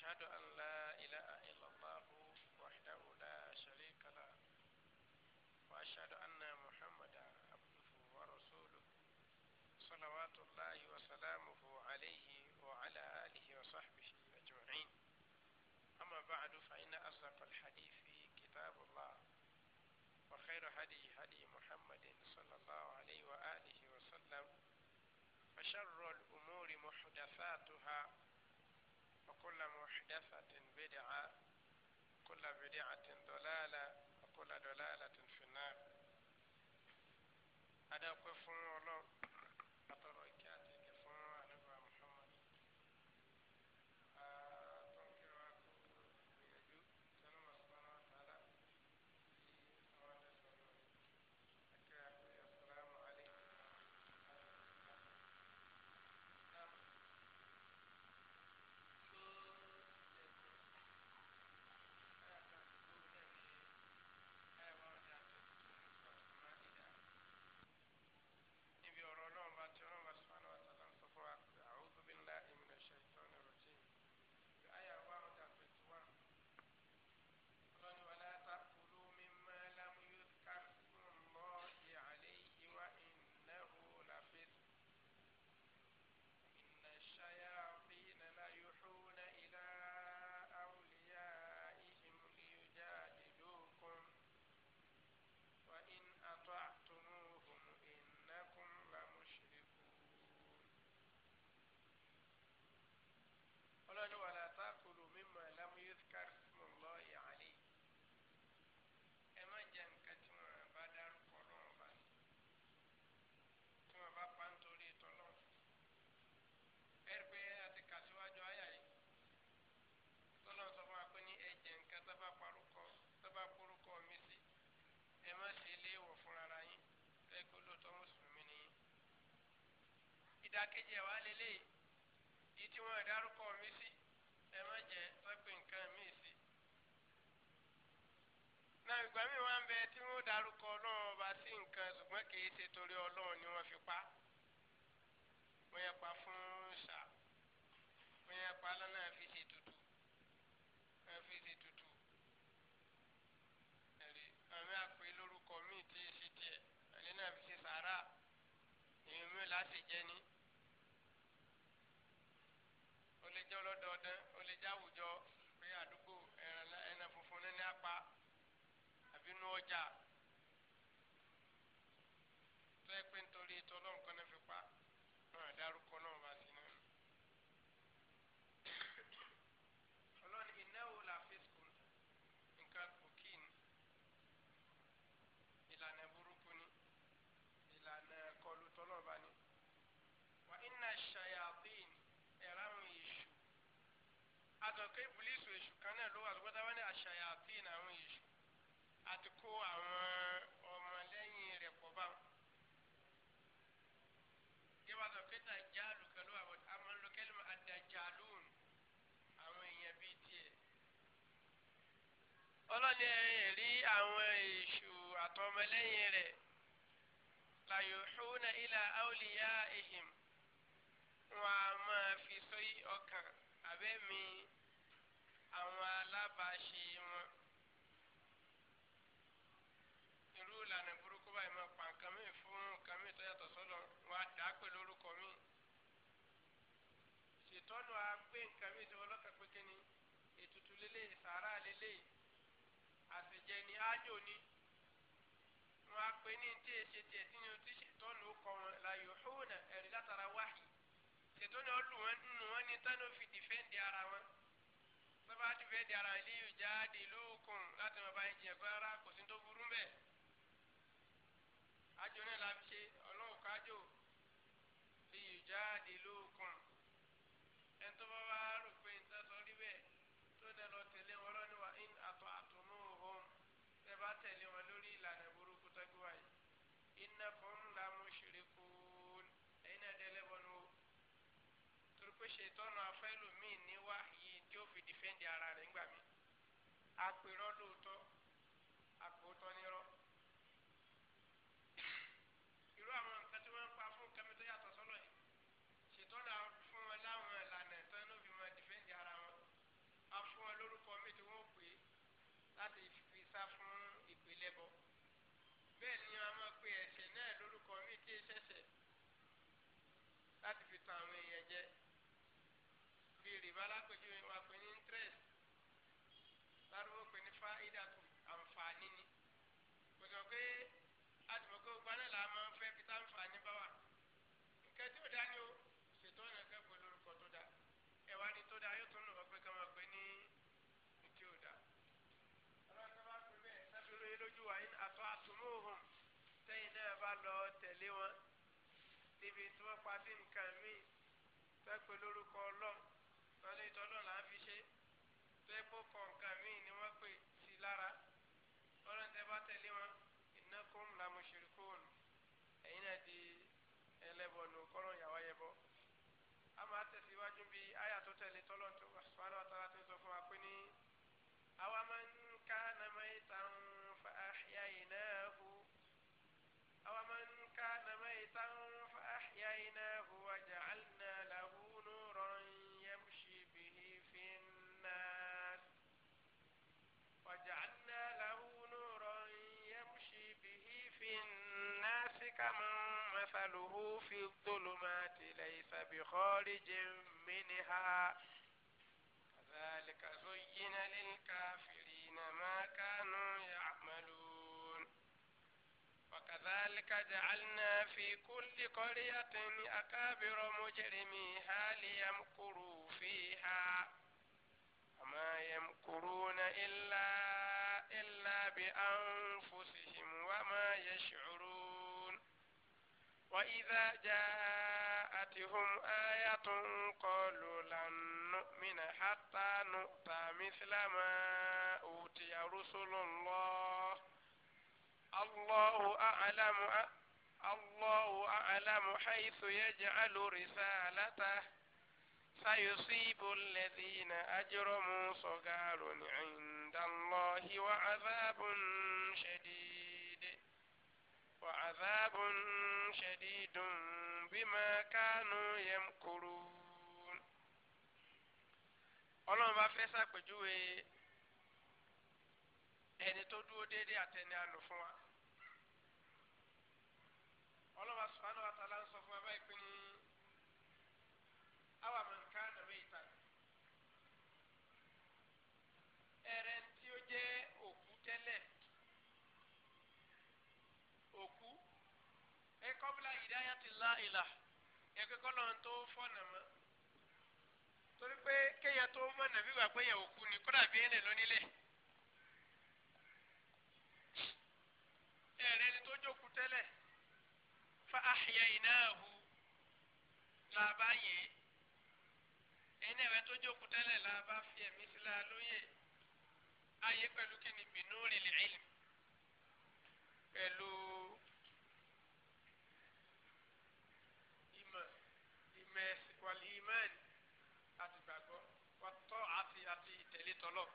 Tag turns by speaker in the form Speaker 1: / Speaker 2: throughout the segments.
Speaker 1: أشهد أن لا إله إلا الله وحده لا شريك له وأشهد أن محمدا عبده ورسوله صلوات الله وسلامه عليه وعلى آله وصحبه أجمعين أما بعد فإن أصدق الحديث في كتاب الله وخير هدي هدي محمد صلى الله عليه وآله وسلم وشر La vidéo à tenir pour la la à ìdákẹ́jẹ́ wa lélẹ́yìí èyí tí wọ́n dárúkọ mi sí ẹ má jẹ́ tọ́pẹ́ nǹkan mi sí. náà ìgbà mi wá ń bẹ tí wọ́n dárúkọ ọlọ́run ọba sí nǹkan ṣùgbọ́n kì í ṣe torí ọlọ́run ni wọ́n fi pa wọ́n yẹ pa fún ṣá wọ́n yẹ pa lọ́nà fi ṣe tutù wọ́n fi ṣe tutù ẹ̀rí àmì àpè lórúkọ mi tí ì ṣe tiẹ̀ àní náà fi ṣe sàárà èèyàn mi láti jẹ́ ni. àti kó àwọn ọmọlẹ́yìn rẹ̀ pọ̀ bá wọn. Yẹ́wà sọ pé tà jáàlù kan ló wà wọ́n àmọ́ lókẹ́lì mọ́ àdàjàlù àwọn èèyàn bíi tiẹ̀. Ọlọ́ni ẹ̀ rí àwọn èṣù àtọmọlẹ́yìn rẹ̀ la yuhuna ila awliyaihim wọn a máa fi sọ ọkàn abẹ́mi àwọn alábàáṣe wọn. ájò ni wọn á pè ní tí èsì e tiẹ̀ tí ní ti ṣètọ́nù kọ wọn láyò hóònà ẹ̀rí látara wáhì ṣètọ́nù ọ̀lù wọn nù wọn ní tánú fi dìfẹ́ǹdì ara wọn sábà dìfẹ́ǹdì ara ilé yóò jáde lóòkùn láti máa bá ń jẹ pé ara kò sí tó burú mẹ́ ájò náà la fi ṣe ọlọ́wọ́ kájò lè yóò jáde lóòkùn. turn off حكم مثله في الظلمات ليس بخارج منها كذلك زين للكافرين ما كانوا يعملون وكذلك جعلنا في كل قرية أكابر مجرميها ليمكروا فيها وما يمكرون إلا إلا بأنفسهم وما يشعرون وإذا جاءتهم آية قالوا لن نؤمن حتى نؤتى مثل ما أوتي رسل الله الله أعلم الله أعلم حيث يجعل رسالته سيصيب الذين أجرموا صغار عند الله وعذاب شديد وعذاب شديد بما كانوا يمكرون ọlọ́run bá fẹ́ ṣàpèjúwe ẹni tó dúró déédéé àtẹni àlò fún wa ọlọ́run subhanahu wa ta'ala ń sọ fún wa báyìí pé ní àwọn àmì. láìlà ẹgbẹ́ kọ́lọ́ ń tó fọ́nà mọ́ torí pé kéèyàn tó mọ̀nà bí wà pé yẹn òkú ni kódà bí ẹ̀rẹ̀ lónílẹ̀ ẹ̀rẹ̀ ni tó jókòó tẹ́lẹ̀ fa àhìyà ìnáàhù làbá yẹn ẹni ẹ̀rẹ̀ tó jókòó tẹ́lẹ̀ làbá fi ẹ̀mí sí lóye ayé pẹ̀lú kí ni rìlì ìlì pẹ̀lú. ìfẹ́ wàlí ìmánì àti gbàgbọ́ wàtọ́ àti àti ìtẹ̀lé tọ́lọ̀.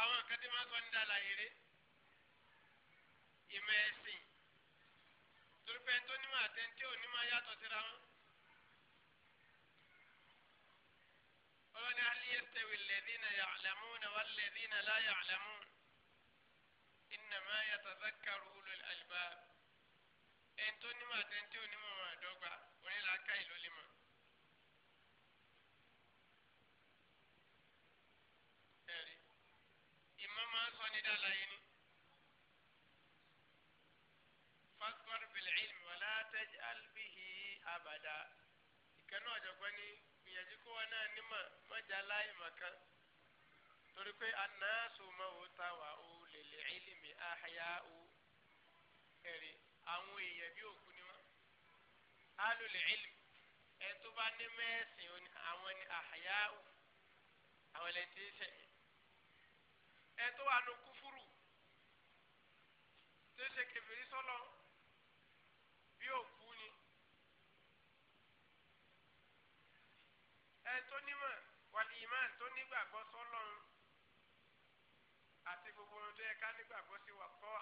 Speaker 1: àwọn akadé máa ń sọ ní dàlà eré ìmọ̀ ẹ̀sìn torí pé tó ní máa tẹ́ntí òní máa yàtọ̀ síra wọn. ọlọ́ni aliyastawi alladhina ya'lamuna walladhina la ya'lamuna innama yatadhakkaru ulul albab ẹni tó nímọ̀ àtẹni tí ò nímọ̀ wọn àdọ́gba onílàákà ìlú lè mọ̀. ẹ̀rí ìmọ̀ máa ń sọ ní dáláyé ni. fasbar bil ilmi wala taj'al bihi abada. ìkànnì ọ̀jọ̀gbọ́n ni gbìyànjú kó wọn náà nímọ̀ mọ́jà láì mọ̀kan torí pé anaasu mawuta wa o lèlè ilimi ahaya o ẹ̀rí àwọn èèyàn bí òkú ni wọn alul ilm ẹ tó bá ní mẹ́sìn àwọn ni àhàyáwò àwọn ẹlẹ́ni tí ń sẹ̀ ẹ tó wà ní kúfúrù tó ṣe kẹfìrí sọlọ bí òkú ni ẹ nímọ̀ wàlí ìmáà tó nígbàgbọ́ sọlọ́run àti gbogbo ohun tó nígbàgbọ́ sí wà tọ́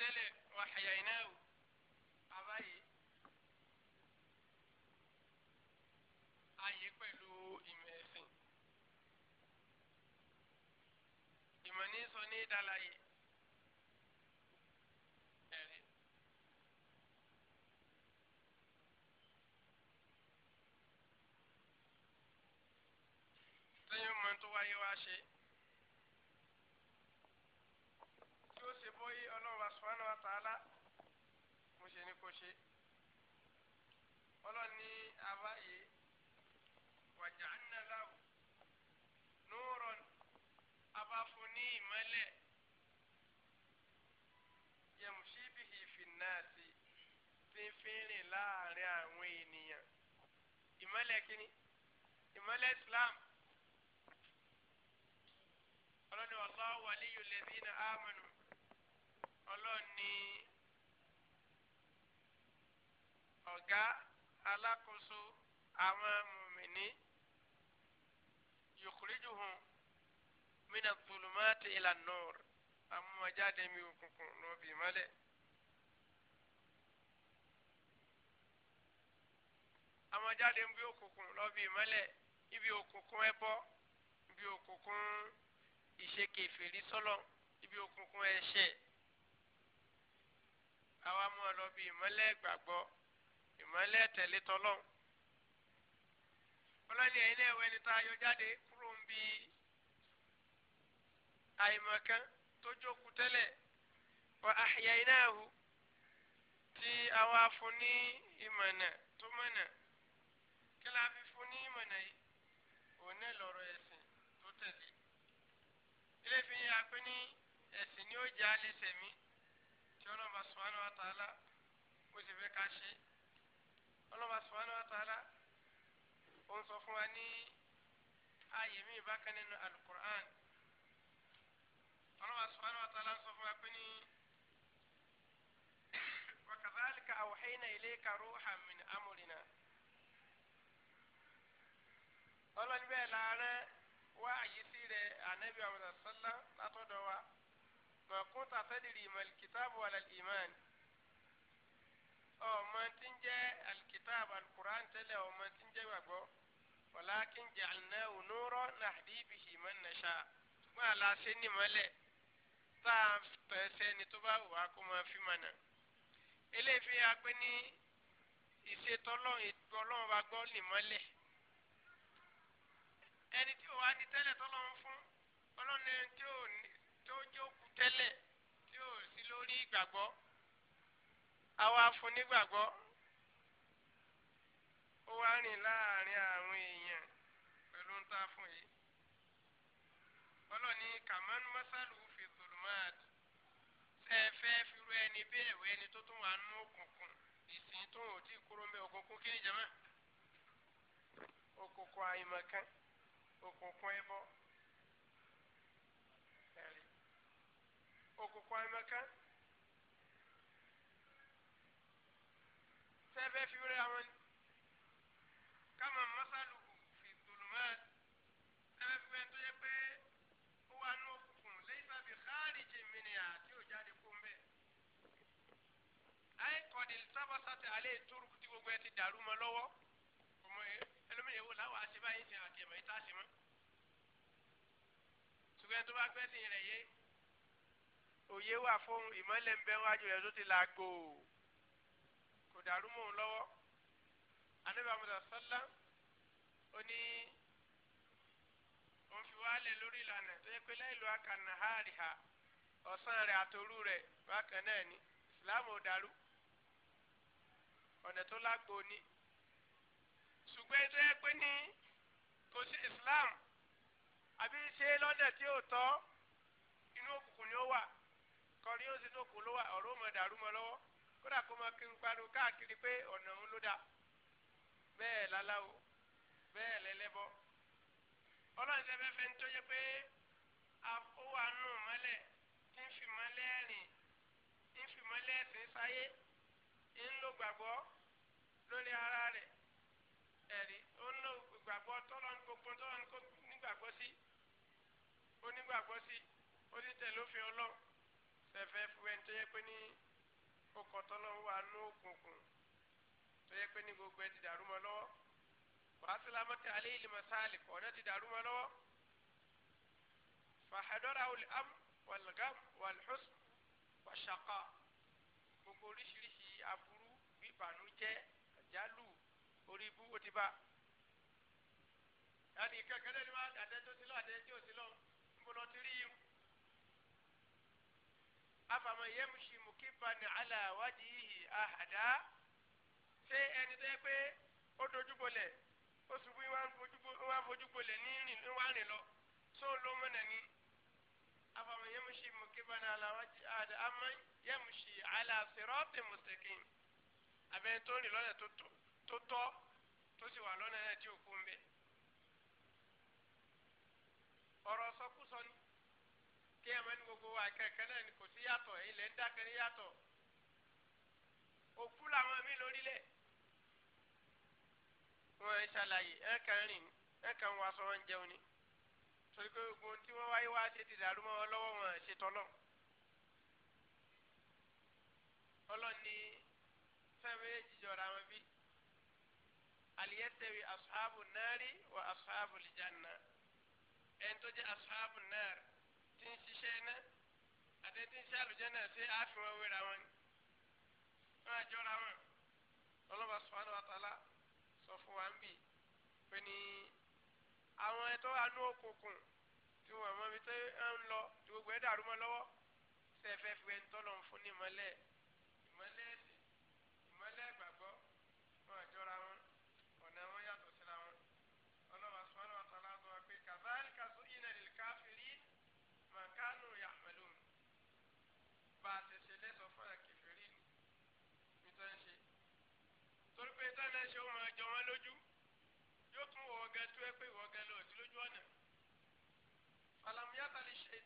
Speaker 1: tẹ́lẹ̀ wà àyà iná o àbáyé ayé pẹ̀lú ìmọ̀ ẹ̀sìn ìmọ̀ ní sọ ní ìdálàyé. Tẹ́yìn mọ́tò wáyé wá ṣe. ta'ala mo ṣe ni kò ṣe
Speaker 2: ọlọ́ni abáyé
Speaker 1: wàjà ńnàláwù nùrọ̀ abáfo ní ìmọ́lẹ̀ yẹmùsíbìhì fìnnáàsì fínfínrin láàrin àwọn ènìyàn ìmọ́lẹ̀ kínní ìmọ́lẹ̀ Islam ọlọ́ni wallahu waliyul ladina amanu ọlọ́ni ọ̀gá alákòóso àwọn mùmíní yukhrijuhum mina zulumati ila nur amúmọ̀jáde mi òkùnkùn lọ́ọ́ bì mọ́lẹ̀. amọ̀jáde ń bí òkùnkùn lọ́ọ́ bì mọ́lẹ̀ ibi òkùnkùn ẹbọ ibi òkùnkùn ìṣekèfèrí sọ́lọ̀ ibi òkùnkùn ẹ̀ṣẹ̀ àwa mú ọ lọ bí ìmọ́lẹ̀ gbàgbọ́ ìmọ́lẹ̀ tẹ̀lé tọlọ́hun ọlọ́ni ẹ̀yin náà wẹ́ni tá a yọ jáde kúrò ń bi àìmọ̀kan tó jókòó tẹ́lẹ̀ wà àhìyà iná ẹ̀hù tí àwa fún ní ìmọ̀nà tó mọ̀nà kí la fi fún ní ìmọ̀nà yìí òun náà lọ́rọ̀ ẹ̀sìn tó tẹ̀lé ilé fi yà pé ní ẹ̀sìn ni ó jẹ́ alẹ́ sẹ̀mí tí ọlọ́mọba subhanahu wa ta'ala ó sì fẹ́ ká ṣe ọlọ́mọba subhanahu wa ta'ala ó ń sọ fún wa ní ààyè mi ìbákan nínú alukur'an ọlọ́mọba subhanahu wa ta'ala ń sọ fún wa pé ní wa kadhalika awhayna ilayka ruhan min ọlọ́ni bẹ́ẹ̀ láàárẹ̀ wá àyísí rẹ̀ ànábì àwọn sàlá látọ̀dọ̀ wa ma kunta tadiri ma alkitabu wala aliman ọ ma ti ń jẹ́ alkitabu alquran tẹ́lẹ̀ ọ ma ti ń jẹ́ gbàgbọ́ walakin ja'alnahu nuran nahdi bihi man nasha ṣùgbọ́n aláṣẹ ní mọ́lẹ̀ tá a pẹ̀sẹ̀ ni tó bá wà fi mọ̀ náà fi hàn pé ní ìṣètọ́lọ́ ètò ọlọ́run bá gbọ́ lè mọ́lẹ̀ ẹni tí ò wá ní tẹ́lẹ̀ tọ́lọ́run fún ọlọ́run ẹni tí ò ní tó jókòó tẹ́lẹ̀ tí ò sí lórí ìgbàgbọ́ àwa fún nígbàgbọ́ ó wá rìn láàrin àwọn èèyàn pẹ̀lú ń ta fún yìí ọlọ́ni kàmánú mọ́sálù fi tòlùmáàdì ṣe é fẹ́ firu ẹni bí ẹ̀wẹ́ ẹni tó tún wà nínú òkùnkùn ìsìn tó ò tí kúrò ń bẹ òkùnkùn kí ni jama òkùnkùn àyìnbọn kan òkùnkùn ẹbọ. ọ̀kọ̀kọ̀ àìmọ̀kan. sẹ́fẹ́ fi wéré àwọn ni káma masalu fi tolumá sẹ́fẹ́ fi wéré tó yẹ pé ó wà ní òkùnkùn lẹ́yìn sábì khariji minha tí ò jáde kó mbẹ́. ayé kọ́ni sábàsáti alẹ́ tóru tí gbogbo ẹ ti dàrú mọ́ lọ́wọ́ ọmọ yẹn ẹlòmíyẹn wò láwọn àṣebáyé ti àti ẹ̀mọ́ yìí tá a ṣe mọ́. ṣùgbọ́n tó bá gbẹ́sìn rẹ̀ yé òye wà fún ìmọ̀lẹ̀ ń bẹ wájú rẹ̀ tó ti là gbò kò dàrú mọ́ òun lọ́wọ́ anábìá mọ́tà sọ́lá ó ní òun fi wálẹ̀ lórí ìlànà tó yẹ pé láìlú akànnà háàrì ha ọ̀sán rẹ̀ àtòrú rẹ̀ bákan náà ni ìsìláàmù ò dàrú ọ̀nà tó lágbo ni ṣùgbọ́n tó yẹ pé ní kò sí ìsìláàmù àbí ṣe lọ́dẹ̀ tí ò tọ́ inú òkùnkùn ni ó wà kọrin yóò sì tó kó lọ́wọ́ ọ̀rọ̀ mọ̀ dàrú mọ́ lọ́wọ́ kódà kó máa kí n pariwo káàkiri pé ọ̀nà òun ló dà bẹ́ẹ̀ láláwo bẹ́ẹ̀ lẹ́lẹ́bọ ọlọ́run ṣe fẹ́ẹ́ fẹ́ ń tọ́jú pé ó wà nù mọ́lẹ̀ ń fi mọ́lẹ̀ rìn ń fi mọ́lẹ̀ ẹ̀sìn sáyé ń lo gbàgbọ́ lórí ara rẹ̀ ẹ̀rí ó ń lo gbàgbọ́ tọ́lọ́ ní gbogbo tọ́lọ́ ní gbàgbọ́ sí onígbàgbọ́ sí onítẹ̀lófin ọlọ́run sẹfẹ fún ẹni tó yẹ pé ní ọkọ̀ tọ́lọ́ wà ní òkùnkùn tó yẹ pé ní gbogbo ẹ ti dàrú mọ́ lọ́wọ́ wàá sílámọ́ tí alẹ́ ìlú mọ́sáàlì kọ́ ọ̀nà ti dàrú mọ́ lọ́wọ́ fàhádọ́rà olùhàm wàlgàm wàlhùs wàṣàkà gbogbo oríṣiríṣi aburú bíbànújẹ́ àjálù orí ibú ó ti bá yàtì kẹkẹrẹ ni wọn àtẹ tó ti lọ tí ò ti ń bọ lọ ti rí irun afaman yamshi mukibban ala wajhihi ahada ṣé ẹni tó yẹ pé ó dojúbolẹ̀ ó ṣubú wá ń fojúbolẹ̀ ní rìn wá rìn lọ tó ló mọ̀nà ní afaman yamshi mukibban ala wajhihi ahada aman yamshi ala siratin mustaqim abẹ́ni tó rìn lọ́nà tó tọ́ tó sì wà lọ́nà náà tí ò kú ń bẹ́ sọkúsọ ni jẹ́ ẹ̀mọ́ gbogbo wa kẹ̀kẹ́ náà ni kò sí yàtọ̀ ilẹ̀ ń dákẹ́ ní yàtọ̀ òkú làwọn mí lórílẹ̀ wọn ẹ ṣàlàyé ẹ kàn rìn ẹ kàn wá sọ wọn jẹun ni torí pé gbogbo tí wọn wáyé wá ṣe ti dàrú mọ́ lọ́wọ́ wọn ṣe tọ́lọ̀ ọlọ́ni fẹ́ẹ́ jìjọra wọn bí aliyẹ́tẹ̀wé ashabu nari wa ashabu lijanna ẹ̀ tó jẹ́ ashabu nari tí ń ṣiṣẹ́ iná àti tí ń ṣe àlùjẹ́ náà ṣe àfihàn wéra wọn ni wọn àjọra wọn ọlọ́ba subhanahu wa ta'ala sọ fún wa ń bì pé ní àwọn ẹ̀tọ́ anú òkùnkùn tí wọn mọ ibi tó ń lọ tí gbogbo ẹ̀ dàrú mọ́ lọ́wọ́ sẹ́ẹ̀fẹ́ fi ẹni tọ́lọ̀ ń fún ní ìmọ́lẹ̀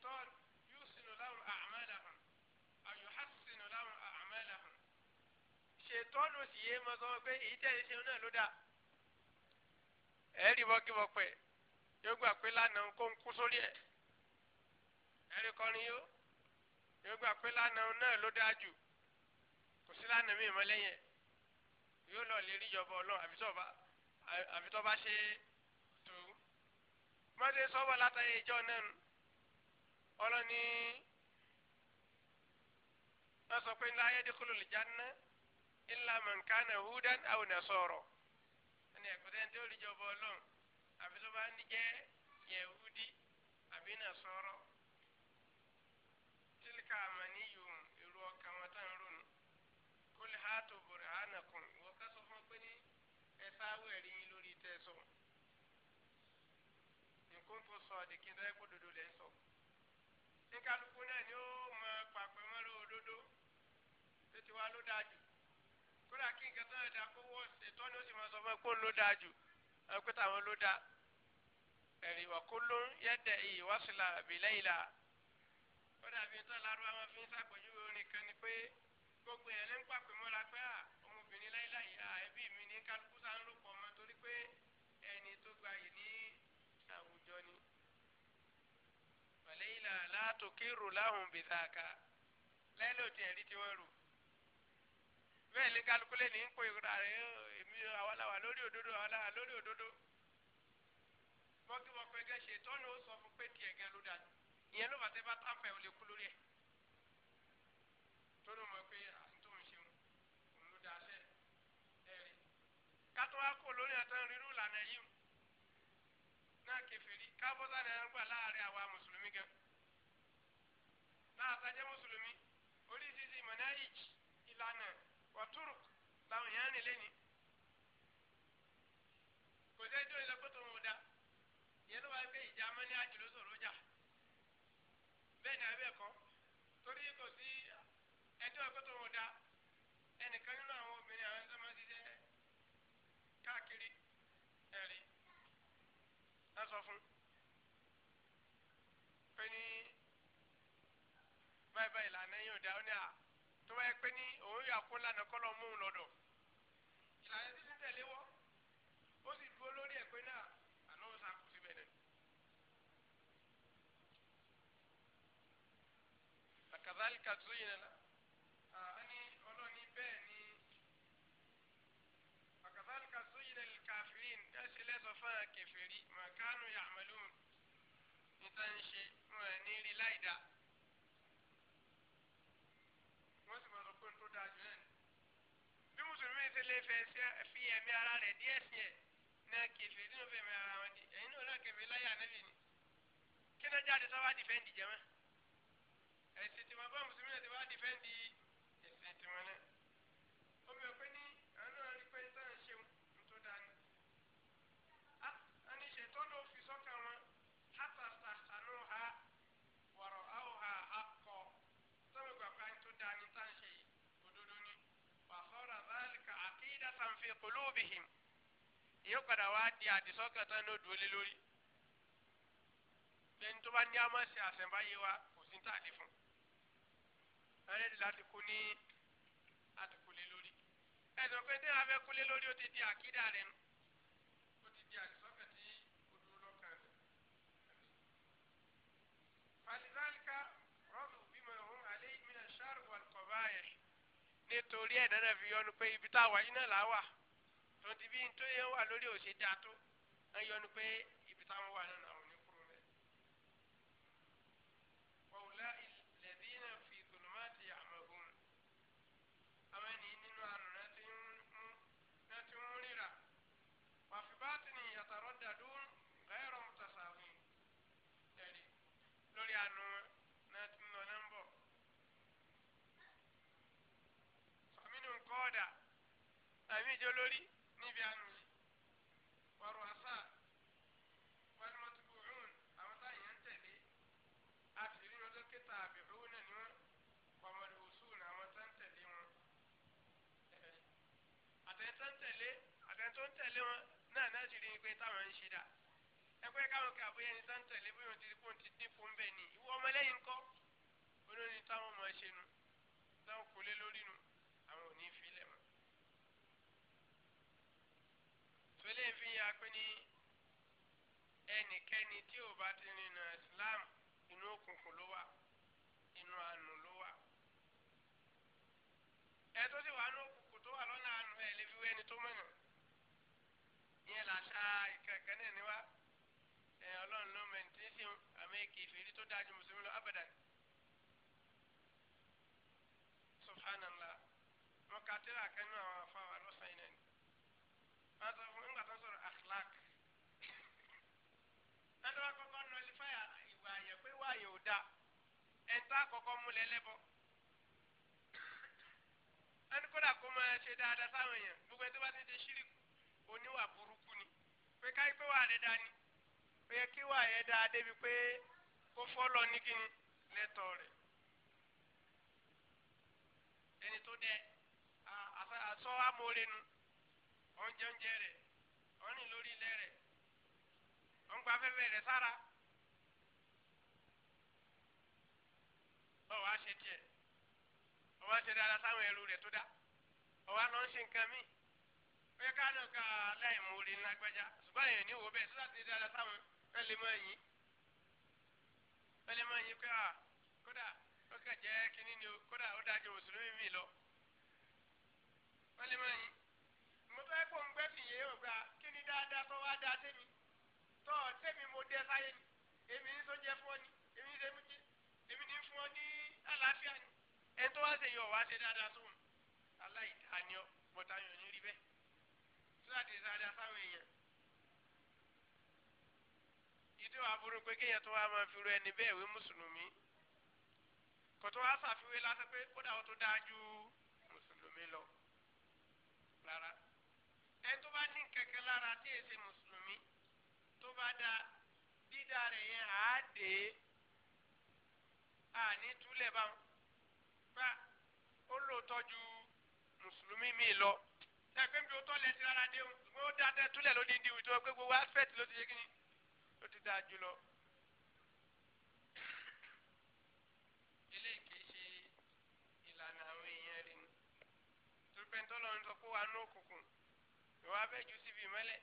Speaker 1: الشيطان يحسن لهم أعمالهم أو يحسن لهم أعمالهم الشيطان وسيء ما زال كي إيجاد شيئنا لودا ẹ̀rí bọ́kíbọ́pẹ́ yóò gbà pé lánàá kó ń kú sórí ẹ̀ ẹ̀rí kọrin yó yóò gbà pé lánàá náà ló dáa jù kò sí lánàá mi mọ́ lẹ́yìn yóò lọ lè rí ìjọba ọlọ́run ṣe tó mọ́tò sọ́wọ́ látàrí ìjọ náà nù ọlọ́ni wọ́n sọ pé ńlá ayédèkúlù lè jáná illa man kana hudan aw nasara ẹni ẹ̀kọ́ tẹ́ ń tó lè jọba ọlọ́run àbí tó bá ń jẹ́ yẹ̀húdí àbí nasara tilka amaniyum irú ọkàn wọn tán ronú kul hatu burhanakum wọ́n ká sọ fún pé ní ẹ sáwọ́ ẹ̀rí yín lórí tẹ̀sán nǹkan tó sọ ọ̀dẹ̀kí ń dodo lẹ́ ní kálukú náà ni ó mọ pàpẹ́ mọ́rọ́ òdodo tó ti wá ló dáa jù kódà kí nǹkan tó ń da kó wọ́ ṣètọ́ ni ó sì máa sọ fún ẹ kó ló dáa jù ẹ pé táwọn ló dáa ẹ̀rì wà kó ló ń yẹ́dẹ̀ ìyí wá sí la àbílẹ̀ ìlà kódà bí n tọ́ larúbá wọn fi ń sàpèjúwe orin kan ni pé gbogbo yẹn ní ń mọ́ra pé à ọmọbìnrin láyé láyé à ẹbí mi ní kálukú sáà ń lò látòkèrò láhùn bìtàkà lẹ́yìn ló ti ẹ̀rí tí wọ́n rò bẹ́ẹ̀ ni kálukú lè ní ń pè ra rẹ̀ èmi àwaláwa lórí òdodo àwaláwa lórí òdodo mọ́kímọ́kọ́ ẹgẹ́ ṣe tọ́nu ó sọ fún pé tiẹ̀ gan ló dànù ìyẹn ló bàtẹ́ bá tàǹfẹ̀ ò lè kú lórí ẹ̀ tọ́nu mọ̀ pé àtúntò ń ṣeun òun ló dáa lẹ́ẹ̀ ẹ̀rí kátó wá kó lórí àtọ́ rírú ìlànà yìí náà kẹfẹ́ rí a ń bá a tajẹ́ mùsùlùmí oríṣiríṣi manhaj ìlànà wa turuq làwọn èèyàn nílé ni kò sẹ́ni tó lè pẹ́tọ́ wọn dá yẹn ló wá gbé ìjà mọ́ni àjùlọ sọ̀rọ̀ jà bẹ́ẹ̀ ni àbẹ́ẹ̀kọ́ torí kò sí ẹjọ́ pẹ́tọ́ wọn dá. báyìí lànà yóò dá ọ ní à tó bá yẹ pé ní òun yà kó lànà kọ́lọ́ mú un lọ́dọ̀ ìlànà tí ń tẹ̀lé wọ́ ó sì dúró lórí ẹ̀ pé náà àná ó sàkó síbẹ̀ náà. àkàzálì kàtó yìí nana àní ọlọ́ni bẹ́ẹ̀ ni àkàzálì kàtó yìí nana kàfíìn ẹ̀ sì lẹ́sọ̀ fún kèfèrí màkánù ya'malun níta wọn ní rí láìdáa. lè fẹ́ fi ẹ̀mí ara rẹ̀ díẹ̀ sí ẹ̀ náà kẹfẹ́ nínú fẹ̀mí ara wọn di ẹ̀yin náà náà kẹfẹ́ láyé ànábì ni
Speaker 2: kí náà jáde sọ́wọ́ dìfẹ́ǹdì
Speaker 1: jẹ́mọ́ ẹ̀sìn tí wọ́n bá mùsùlùmí náà ti wá dìfẹ́ǹdì yìí. qulubihim yóò padà wá di àdìsọ́kàn tán ló dúró lé lórí lẹ́ni tó bá ní a máa ṣe àṣẹ̀mbáyé wa kò sí tá a lè fún ẹlẹ́dì láti kú ní àtìkúlé lórí ẹ̀sùn pé tí a fẹ́ kúlé lórí ó ti di àkídà rẹ̀ nù ó ti di àdìsọ́kàn tí ó dúró lọ́kàn rẹ̀. falizalika rọ́ọ̀lù bímọ ọ̀hún alẹ́ ìmìnira ṣáàrù wà nítorí ẹ̀ fi yọnu pé ibi táwa iná làá wà tonti bí tó yẹ wà lórí òsè dáa tó ẹ yọnu pé ibi táwọn wà nínú àwọn ní kúrò rẹ. wàhùlá ìlẹ̀bí náà fi gòlùmáàtì àmọ̀gùn àwọn ènìyàn nínú àrùn náà ti ń ríra wàfíbáàtì ni yàtàrọ̀ dàdú gáyọ̀rọ̀ mùtàsàwìn ẹ̀rí lórí àánú náà ti ń lọ náà ń bọ̀. sàmínú kọ́ọ̀dà àmì ìjọ lórí níbi àrùn yìí wàrọ̀ àṣà wàlúmọ̀tìbùrún àwọn táyà ń tẹ̀lé àfìrí wọn dókítà àbẹ̀rún náà ni wọn wàmọ̀lẹ̀ òṣùwòn àwọn tá ń tẹ̀lé wọn. àtẹ̀ntẹ́ ń wọn náà náà ti rí i pé táwọn ń ṣe dà ẹgbẹ́ káwọn kà bóyá ẹni tá ń tẹ̀lé bóyá wọn ti rí pọ́ǹtì dínkù ń ni ìwọ ọmọlẹ́yìn kọ́ olórin táwọn ọmọ ṣe nu táwọn kò lé lórí nu. eléyìí fi hàn pé ní ẹnikẹ́ni tí ò bá ti rìn náà Islam inú òkùnkùn ló wà inú àánú ló wà. ẹ tó ti wà ní òkùnkùn tó wà lọ́nà àánú ẹ̀ lè fi wé ẹni tó mọ̀nà ìyẹn làṣà ìkẹ̀kẹ́ náà níwá ẹ̀ ọlọ́run ló mẹ̀ntí sí àmì kìfìrí tó dájú mùsùlùmí lọ abadan. subhanallah wọn kà tẹ́lẹ̀ àkẹ́nu àwọn afáwà lọ́sàn-án yìí náà ni. tá a kọ́kọ́ mú lẹ́lẹ́bọ. ẹni kódà kó máa ṣe dáadáa sáwọn èèyàn gbogbo ẹni tó bá ti ṣe ṣíríkù oníwà burúkú ni pé káyí pé wà rẹ̀ dání ó kí wà yẹ dáa débi pé kó fọ́lọ́ ní kíni lẹ́tọ̀ rẹ̀. ẹni tó dẹ àsọ amóorenu oúnjẹ oúnjẹ rẹ̀ ọ̀rìn lórí ilẹ̀ rẹ̀ rẹ̀ sára. ọwọ́ àṣẹ tiẹ̀ ọwọ́ àṣẹ dáadáa sáwọn ẹrú rẹ̀ tó dá ọwọ́ àná ń ṣe nǹkan mí ó yẹ ká náà ká láì mú orí ńlá gbájá ṣùgbọ́n èèyàn ní wo bẹ́ẹ̀ tó láti dáadáa sáwọn ẹlẹ́ mọ́ ẹ̀yìn ẹlẹ́ mọ́ ẹ̀yìn pé à kódà ó kà jẹ́ kínní ni o kódà ó dájú mùsùlùmí mi lọ ẹlẹ́ mọ́ ẹ̀yìn mo fẹ́ kó ń gbẹ́ fìyè yóò gbà kínní dáadáa tó wá dáa tẹ́mi tó tẹ́mi mo dẹ́ sáyé ni èmi ń sọ jẹ́ fún ọ ni èmi ń sẹ́mi jẹ́ èmi ní fún ọ ní lálàáfíà ni ẹ tó wá ṣe yọ wá ṣe dáadáa tó ń aláìdáníọ mọ̀tayọ̀ ní rí bẹ́ẹ̀ sọ́dàdì sáadà fáwọn èèyàn. ìdí wa burú pé kéèyàn tó wá máa fi ru ẹni bẹ́ẹ̀ wé mùsùlùmí kò tó wá ṣàfiwé lásán pé ó dàwọ́ tó dáa ju mùsùlùmí lọ rárá ẹ tó bá ní kẹ̀kẹ́ lára tí èsì mùsùlùmí tó bá da dídá rẹ̀ yẹn àá àní túlẹ̀ bá wọn bá ó lò tọ́jú mùsùlùmí mi lọ ṣàpé mi ò tọ́ lẹ́sí rárá dé òun ó dáadáa túlẹ̀ lónìí di ìwé pé gbogbo aspect ló ti yé kí ni ló ti dáa jù lọ. eléyìí kì í ṣe ìlànà àwọn èèyàn rí ni torí pé ntọ́ lọ́run sọ pé wà á ní òkùnkùn ìwà abẹ́ jù síbi ìmọ́lẹ̀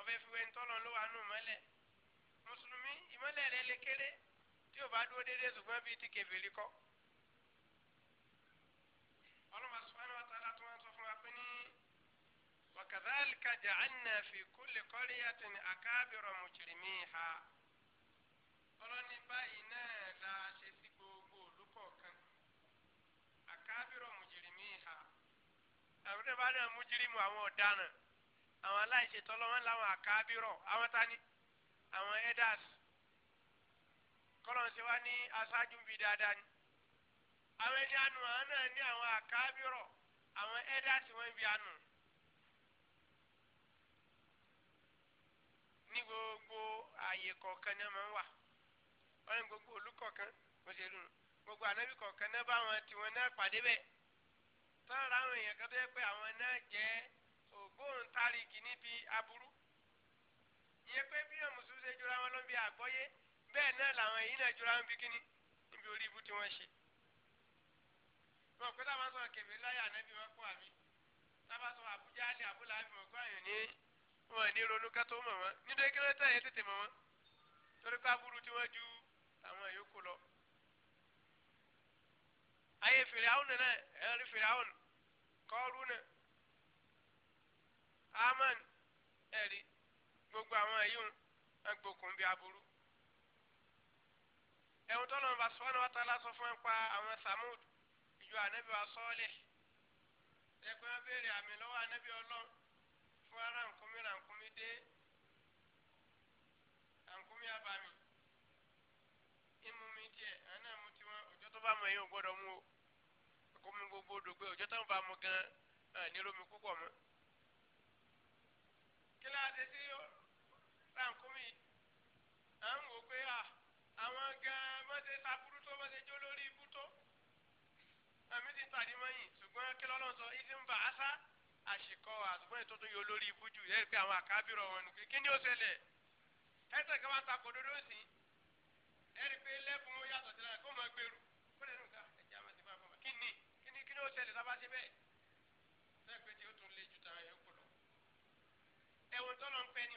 Speaker 1: ọbẹ̀ fi wé lọ́run ló wà á ní òmọ́lẹ̀ mùsùlùmí ìmọ́lẹ̀ rẹ̀ lè kéré tí o bá dúró déédéé ṣùgbọ́n bíi ti kèfèrí kọ́. ọlọ́mọ sọ́fẹ́rẹ́ wa tààlà tó wọ́n sọ fún wa pé ní wakadhalika ja'anna fi kulli qaryatin akabira mujrimiha ọlọ́ni báyìí náà la ṣe sí gbogbo olùkọ̀ọ̀kan akabira mujrimiha
Speaker 2: àwọn ìbá náà mujrimu àwọn ọ̀daràn àwọn aláìṣẹ̀ tọ́lọ́wọ́n láwọn
Speaker 1: akabira àwọn tani àwọn edas kọ́lọ́n ṣe wá ní aṣáájú bíi dáadáa ni. àwọn ẹni àánú àwọn náà ní àwọn àkábírọ̀ àwọn ẹ̀dá tí wọ́n ń bi àánú. ní gbogbo ààyè kọ̀ọ̀kan náà máa ń wà wọ́n ní gbogbo òlú kọ̀ọ̀kan kò ṣe lù gbogbo ànábì kọ̀ọ̀kan náà bá wọn tiwọn náà pàdé bẹ́ẹ̀ tọ́lá àwọn èèyàn kan tó yẹ pé àwọn náà jẹ́ ògbóǹtarìgì níbi aburú ìyẹn pé bí ọ̀mùsùn ṣe jura wọn ló ń àgbọ́yé bẹ́ẹ̀ náà làwọn èyí náà jura ń bí kíní níbi orí ibú tí wọ́n ṣe. mọ̀kútà máa sọ kẹ̀mí láyà nẹ́bí wọn pọ̀ àmì tábà sọ àbújá alẹ́ àbúlà àbí mọ̀kú àyàn ní wọn ní ronú ká tó mọ̀ wọn nítorí kí ló tẹ̀ yẹ tètè mọ̀ wọn torí pé aburú tí wọ́n ju àwọn yòókù lọ.
Speaker 2: ayé fèrè àwọn náà ẹ̀rí fèrè àwọn
Speaker 1: kọ́ọ̀rù náà amán ẹ̀rí gbogbo àwọn ẹ̀yìn agbókùn bíi aburú ẹ̀wọ̀n tọ́nà ọba sọ́nà wa tààlà sọ fún ẹ pa àwọn samud ìjọ ànábì wa sọ́ọ̀lẹ̀ ẹgbẹ́ wọn béèrè àmì lọ́wọ́ ànábì ọlọ́run fún ara nkúmi ra nkúmi dé nkúmi abami ìmú mi tiẹ̀ àná mu ti wọn òjò tó bá mọ ẹ̀yìn ò gbọ́dọ̀ mú o nkúmi gbogbo dògbé òjò tó bá mọ gan nílòmí púpọ̀ mọ́ kí ló dé sí ra nkúmi à ń wò pé à àwọn gan mọ́tẹ́ saburú tó mọ́tẹ́ jó lórí ibú tó àmì ti tàdí mọ́yìn ṣùgbọ́n kí lọ́lọ́ sọ ìdí ń bà á sá àṣìkọ àtùgbọ́n ètò tó yọ lórí ibú jù yẹ́rì pé àwọn àkábìrọ̀ wọn nù pé kí ni ó ṣẹlẹ̀ ẹ̀sẹ̀ kan máa takò dodo sí ẹ̀rì pé lẹ́bùn ó yàtọ̀ sí lára kó máa gbèrú kó lẹ́nu ká ẹ̀jẹ̀ àmọ́ ti máa bọ̀ kí ni kí ni kí ni ó ṣẹlẹ̀ tá a bá ṣe bẹ́ẹ̀ sẹ́ẹ̀pẹ́ tí ó tún le ju tàwọn ẹ̀yọ́ pọ̀ lọ
Speaker 2: ẹ̀wọ̀n tọ́lọ́ ń pẹ́
Speaker 1: ni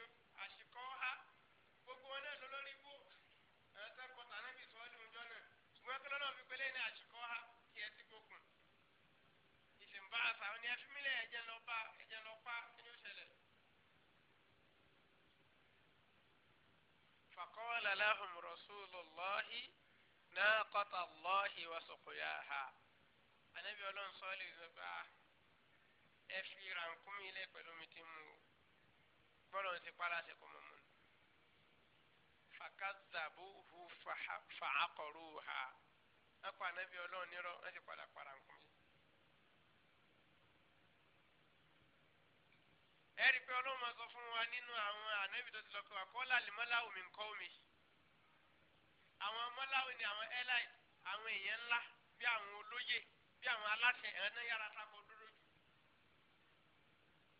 Speaker 1: bá a sàwọn ní ẹfimílẹ̀ ẹ̀jẹ̀ lọ bá ẹ̀jẹ̀ lọ pa kí ni ó ṣẹlẹ̀. faqala lahum rasulullahi naqatallahi wa suqyaha anabi ọlọ́run sọ́ọ́lì nípa ah, ẹ fi rànkúmí ilé pẹ̀lú mi ti mú gbọ́dọ̀ ti pa láti kọ́ mọ́mọ́ ni. fakazabuhu fa'aqaruha ẹ̀kọ́ anabi ọlọ́run nírọ̀ ẹ̀ ti padà pa rànkúmí. ẹ rí i pé ọlọ́run máa sọ fún wa nínú àwọn ànábì tó ti lọ pé wà kọ́ lálẹ́ mi ń kọ́ àwọn mọ́láwù ni àwọn airline àwọn èèyàn ńlá bí àwọn olóyè bí àwọn aláṣẹ ẹ̀rọ náà yára takò dúró jù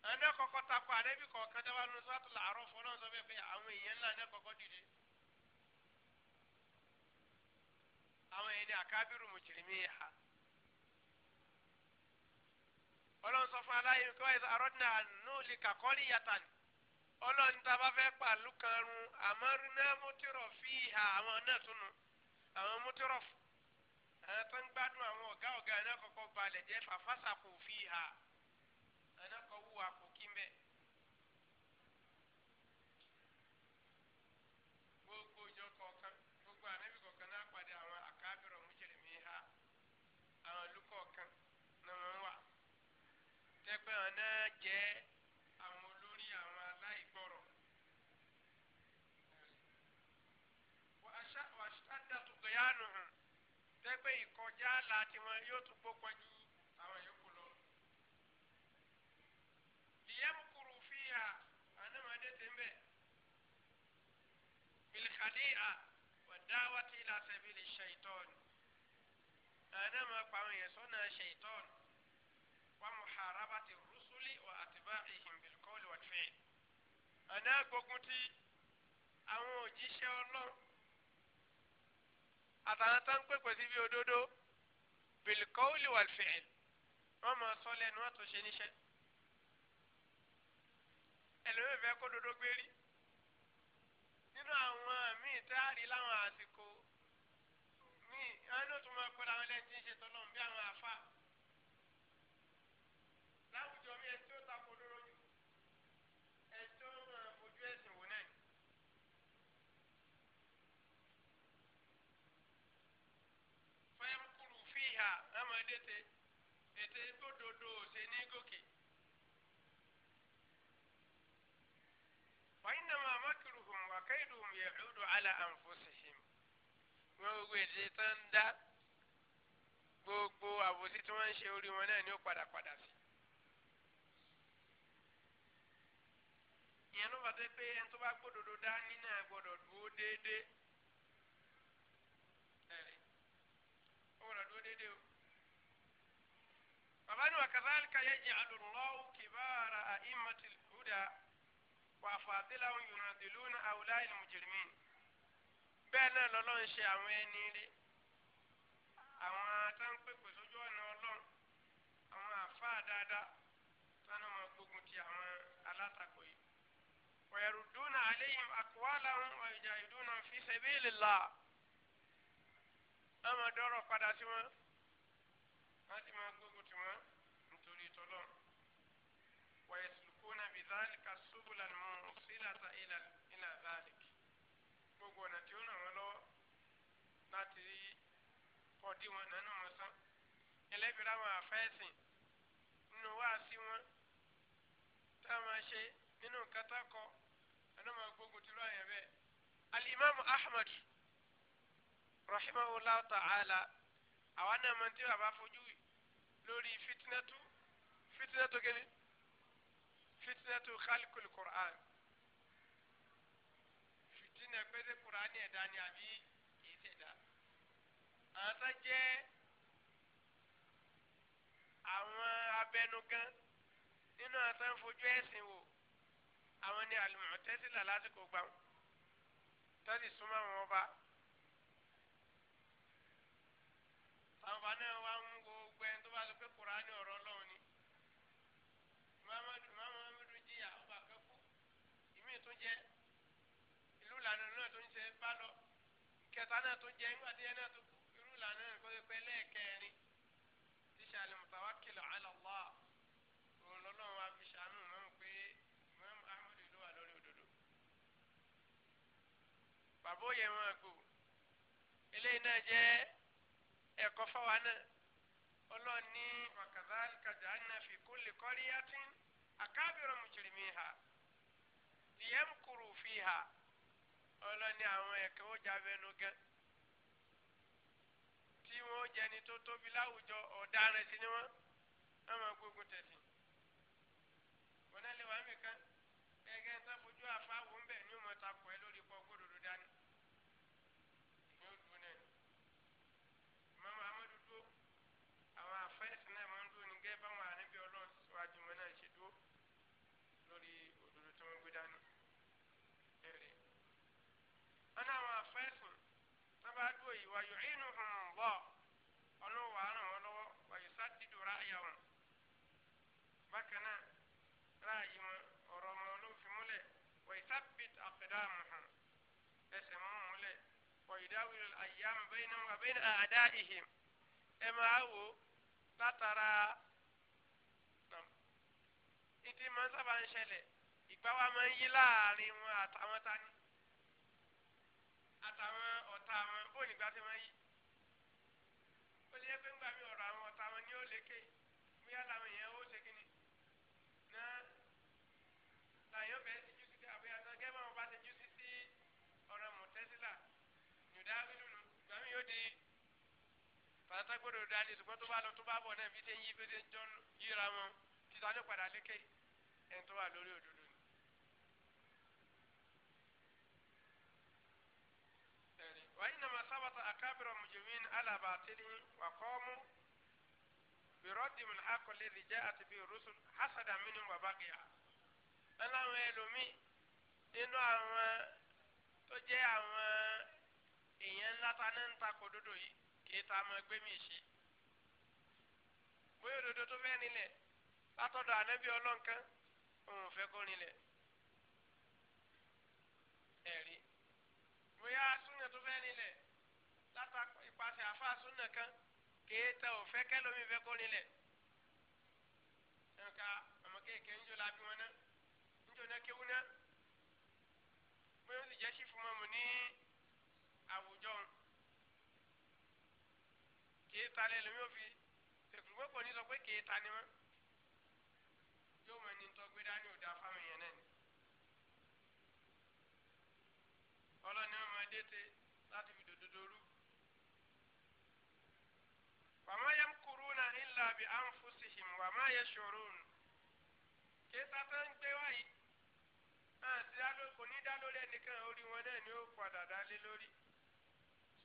Speaker 1: ẹ̀rọ náà kọ́kọ́ takò ànábì kọ̀ọ̀kan dáwà nù sọ́tò làárọ̀ fọlọ́run sọ fẹ́ pé àwọn èèyàn ńlá náà kọ́kọ́ dìde àwọn èèyàn ni àkábírù mùjìrìmí yà fún aláyé kí wọ́n yẹ arọ́dínà àánú lè kàkọ́ ní yàtà ni ọlọ́run tá a bá fẹ́ pàlú kan run àmọ́ ríná mútírọ̀ fi ìhà àwọn náà tún
Speaker 2: àwọn mútírọ̀
Speaker 1: àwọn tó ń gbádùn àwọn ọ̀gá ọ̀gá iná kọ̀kọ́ balẹ̀ jẹ́ fàfàṣà kò fi ìhà iná kọ̀ wúwa kò pé àwọn náà jẹ́ àwọn olórí àwọn aláìgbọ́rọ̀. wàṣà dàtúkọ̀ yá nù hàn tẹ́gbẹ́ ìkọjá àlà tiwọn yóò tún gbópa ju àwọn yòókù lọ. lìyẹ́mùkúrú fìyà ànámọ́dé ti ń bẹ̀. bilkadi'a wà dáwàtí ila sabili ṣèitọ́ọ̀nù. ànámọ́ pa àwọn yẹn sọ́nà ṣèitọ́ọ̀nù. ومحاربة الرسل وأتباعهم بالقول والفعل أنا قوتي àwọn òjíṣẹ́ ọlọ́run àtàwọn tó ń pèpè síbi òdodo bilkowli walfi'il wọ́n máa sọ lẹ́nu wọ́n tún ṣe níṣẹ́ ẹlòmíì fẹ́ kó dodo gbérí nínú àwọn míì tá a rí láwọn àsìkò míì wọ́n ní òtún máa pẹ́ láwọn lẹ́yìn tí ń ṣe tọ́lọ́mù bí àwọn àfa. وإنما مكرهم وكيدهم يعود على أنفسهم gbogbo èdè tó ń dá gbogbo àbòsí tí wọ́n ń ṣe orí wọn náà ni ó padà padà sí. ìyẹn ló fà dé pé ẹni tó bá gbódòdó dání náà gbọ́dọ̀ dúró déédéé. ó gbọ́dọ̀ dúró déédéé o. bàbá ni wàkàtà àlùkàyé jẹ́ àlùlọ́wù kìbára àìmọ̀tìlúdà. وأفاضلهم ينادلون هؤلاء المجرمين bẹ́ẹ̀ náà lọ́lọ́run ṣe àwọn ẹni rí àwọn atáǹpẹ̀pẹ̀ sójú ọ̀nà ọlọ́run àwọn àfáà dáadáa tánà máa gbógun ti àwọn alátakò yìí. ويردون عليهم أقوالهم ويجاهدونهم في سبيل الله ama dọ́rọ̀ padà sí wọn láti máa gbógun tí wọn lẹ́bi ráwọn àfẹ́sìn nínú wáàsí wọn tá a máa ṣe nínú nǹkan tá a kọ ẹnu máa gbógun tìlú àyàn bẹ́ẹ̀. alimami ahmed rahimahullah ta'ala àwa náà máa ń tí bàbá fojú lórí fitinatu fitinatu kini
Speaker 2: fitinatu khalikul
Speaker 1: qur'an fitina pé ṣe qur'an ẹ̀dá ni àbí kì í ṣẹ̀dá àwọn tá jẹ́ àwọn abẹnugan nínú àtàn fojú ẹ̀sìn wò àwọn ni al-Mu'tazila lásìkò gbà wọn tọ́sí súnmọ́ àwọn ọba. àwọn ọba náà wá ń wo gbẹ́ tó bá sọ pé Kùránì ọ̀rọ̀ Ọlọ́run ni. Muhammadu Muhammadu jìyà ọba akẹ́kọ̀ọ́ ìmí tó jẹ́ ìlú ìlànà náà tó ń ṣe bá lọ kẹta náà tó jẹ́ ńgbàdíyẹ náà tó irú ìlànà náà kó lè pẹ́ lẹ́ẹ̀kẹrin ṣàlẹ̀ mutawakkil ala Allah òun lọ́nà wa fi ṣàánú mọ́ pé Imam Ahmad ló wà lórí òdodo. bàbá òye wọn kò eléyìí náà jẹ́ ẹ̀kọ́ fáwa náà ọlọ́run ní wa kadhalika ja'alna fi kulli qaryatin akabira mujrimiha liyamkuru fiha ọlọ́run ní àwọn ẹ̀kọ́ ó jábẹ́nu gan-an wọn ó jẹni tó tóbi láwùjọ ọ̀daràn sí ni wọn wọn máa gbógun tẹ̀sìn. bọ́nẹ́lẹ̀ wàá mìkan gẹ́gẹ́ ń tán fojú ìdaràn hàn ẹsẹ̀ mú múlẹ̀ wọ ìdáwìlì àyàmù bẹ́ẹ̀ni wọn bẹ́ẹ̀ni àdá ìhìm ẹ máa wò látara ìdí máa ń sábà ń ṣẹlẹ̀ ìgbà wa máa ń yí láàrin wọn àtàwọn tani àtàwọn ọ̀tá wọn bó nígbà tí wọ́n yí ó lé pé ńgbà mi ọ̀rọ̀ àwọn ọ̀tá wọn ni ó lékè bóyá làwọn èèyàn ó ṣe kíni náà. dábìlì nù gbàmí yóò dé pàtàkì gbọ́dọ̀ dání ṣùgbọ́n tó bá lọ tó bá bọ̀ náà bí tẹ́ yí bí tẹ́ jọ yíra wọn títí adé padà lékè ẹni tó wà lórí òdodo ni. wáyé nàmà sábàtà àkàbìrọ̀ mùjẹ̀mín alàbà àtẹ́lẹ̀ wà kọ́ mú bìrọ́dì àkọlé rìjẹ́ àti bí rúṣùn hásàdà mínú wà bàgìyà. ẹnláwọn ẹlòmíì
Speaker 2: nínú àwọn
Speaker 1: tó jẹ́ àwọn èèyàn ńlá ta ní ń takò dodo yìí kì í ta mọ ẹgbẹ́ mi ṣe bóyá òdodo tó fẹ́ nílẹ̀ látọ̀dọ̀ ànábì ọlọ́nkán òun fẹ́ kó nílẹ̀ ẹ̀rí
Speaker 2: bóyá súnà tó fẹ́ nílẹ̀
Speaker 1: látàkọ ìpàṣẹ àfa súnà kan kì í ta òfẹ́ kẹ́lómi fẹ́ kó nílẹ̀ nǹka ọmọ kéèké ńjọ la bí wọn ná ńjọ ná kéwú ná bóyá ó jẹ́ sí fún mọ́mù ní. kéèta lẹ lómi òfin ṣèkùrùmọ́ kò ní sọ pé kéèta ni wọ́n yóò mọ ẹni tó gbé dání òdà fáwọn èèyàn náà ni. ọlọ́ni wọn máa dẹ́tẹ̀ láti fi dòdòdó rú. wàmọ́ yẹ kúrú na ilà bí à ń fúsi hìm wàmọ́ yẹ ṣòro nù. kéèta tó ń gbé wáyé àti kò ní dá lórí ẹnìkan orí wọn náà ni ó padà dá lé lórí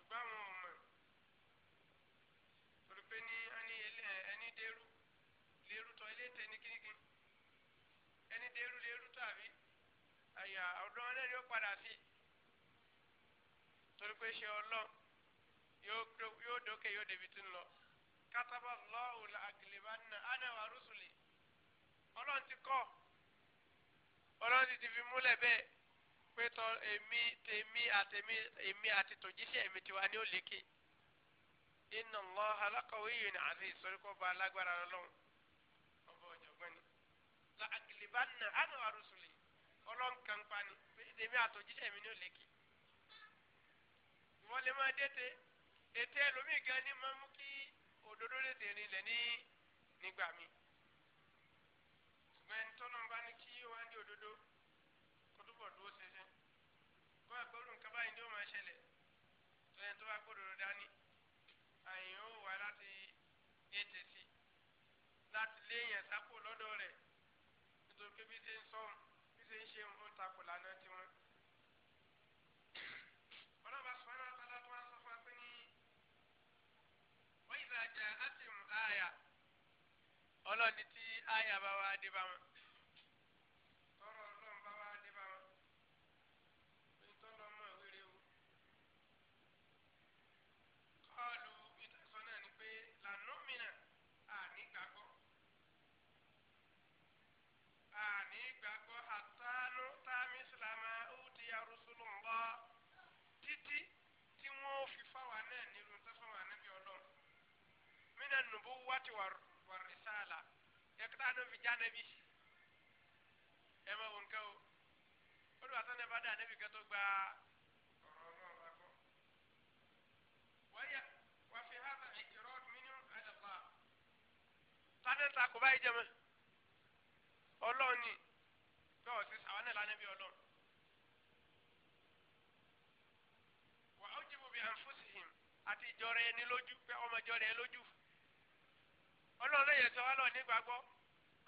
Speaker 1: ṣùgbọ́n àwọn ò padà sí torí pé ṣe ọlọ́run yóò dókè yóò débi tí ń lọ kataba Allahu la'aglibanna ana wa rusuli ọlọ́run ti kọ́ ọlọ́run ti ti fi múlẹ̀ bẹ́ẹ̀ pé tọ èmi tèmi àtèmi èmi àti tòjíṣẹ́ èmi tiwa ni ó lékè inna Allaha laqawiyyun aziz sọ̀rọ̀ kọ́ ba alágbára lọ́wọ́ ọba ọ̀jọ̀gbọ́n ni la'aglibanna ana wa rusuli ọlọ́run kan pa ni tèmi àtòjíṣẹ́ mi ní òlèkì ìwọ́n lè máa dẹ́tẹ̀ ètè ẹlòmíì gan ni máa mú kí òdodo lè tẹ̀ nílẹ̀ ní nígbà mi ṣùgbọ́n ẹni bá ní kí wọ́n á di òdodo kó túbọ̀ dúró ṣinṣin kó àgbọ̀rù nǹkan báyìí ni ó máa ṣẹlẹ̀ tó ẹni tó bá gbódòdó dání àyìn ó wà láti ètè sí láti léèyàn sápò lọ́dọ̀ rẹ̀ nítorí pé bí ṣe ń sọ̀rọ̀ bí ṣe ń ṣe ń takò lánàá ọlọ́ni tí àyà bá wá dé bá wọn. tọrọ ọlọ́run bá wá dé bá wọn. pé tọ́lọ́ mọ̀ wéré o. kọ́ọ̀lù ìtàkùn náà ni pé lànà mìíràn àní gbàgbọ́. àní gbàgbọ́ àtàánú táàmì ìsìlámà ó ti ya rúṣùlù ńlọ títí tí wọ́n fi fáwọn náà nílùú tó fáwọn anábì ọlọ́run. mí náà nùbú wá ti wà rú àná fi já nẹbi ẹ má wò nǹkan o ó lù àtàn nẹba dá nẹbi kẹtọ gba ọ̀rọ̀ Ọlọ́run bá gbọ́. wáyà wà fi hàbà ìjọrọ mímú àdàbà. tádé ta kò báyìí jẹmọ Ọlọ́run tó o sì sàwọn nílànà bí Ọlọ́run. wà á jìbò bí ànfọ́sìhìn àti ìjọra ẹni lójú pé ọmọ ìjọra ẹ lójú Ọlọ́run lè yẹ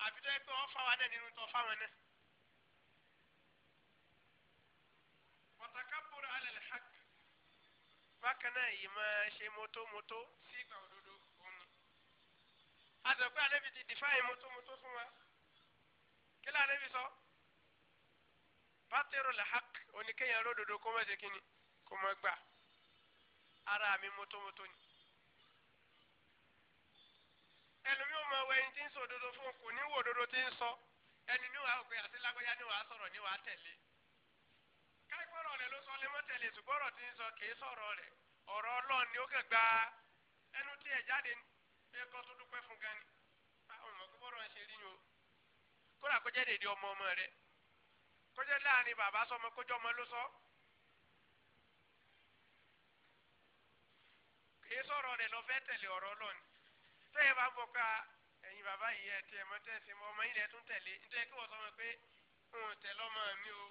Speaker 1: àbí tó yẹ pé wọ́n fáwọn náà nínú tó fáwọn náà. watakabur ala alhaq bákan náà yìí máa ṣe mótómótó sí ìgbà òdodo òun ni. àtọ̀pẹ́ àlẹ́bí ti dìfáì mótómótó fún wa kí ló àlẹ́bí sọ. bátẹ́rù alhaq oníkéyàn lódodo kó má ṣe kíni kó má gbà ara mi mótómótó ni ẹlòmí ò mọ ẹni tí ń sọ òdodo fún kò ní wò òdodo tí ń sọ ẹni ní wàá òpè àti lágbájá ní wàá sọ̀rọ̀ ní wàá tẹ̀lé káìpọ̀rọ̀ rẹ̀ ló sọ lé mọ́ tẹ̀lé ṣùgbọ́rọ̀ tí ń sọ kì í sọ̀rọ̀ rẹ̀ ọ̀rọ̀ ọlọ́run ni ó kẹ̀ gba ẹnu tí ẹ̀ jáde pé kọ́ tó dúpẹ́ fún gan ni àwọn ọmọ gbọ́dọ̀ ń ṣe rí yín o kódà kó jẹ́ dèdè ọmọ ọmọ rẹ̀ kó jẹ́ láàrin bàbá sọmọ kó jẹ́ ọmọ ló sọ kì í sọ̀rọ̀ rẹ̀ lọ fẹ́ tẹ̀lé ọ̀rọ̀ ọlọ́run tẹ́yẹ bá bọ̀ ká ẹ̀yin bàbá yìí ẹ̀ tẹ́ ẹ̀ mọ́ tẹ́sí mọ́ ọmọ yìí lẹ́ tún tẹ̀lé nítorí kí wọ́n sọ wọn pé òun tẹ̀ lọ́mọ mi o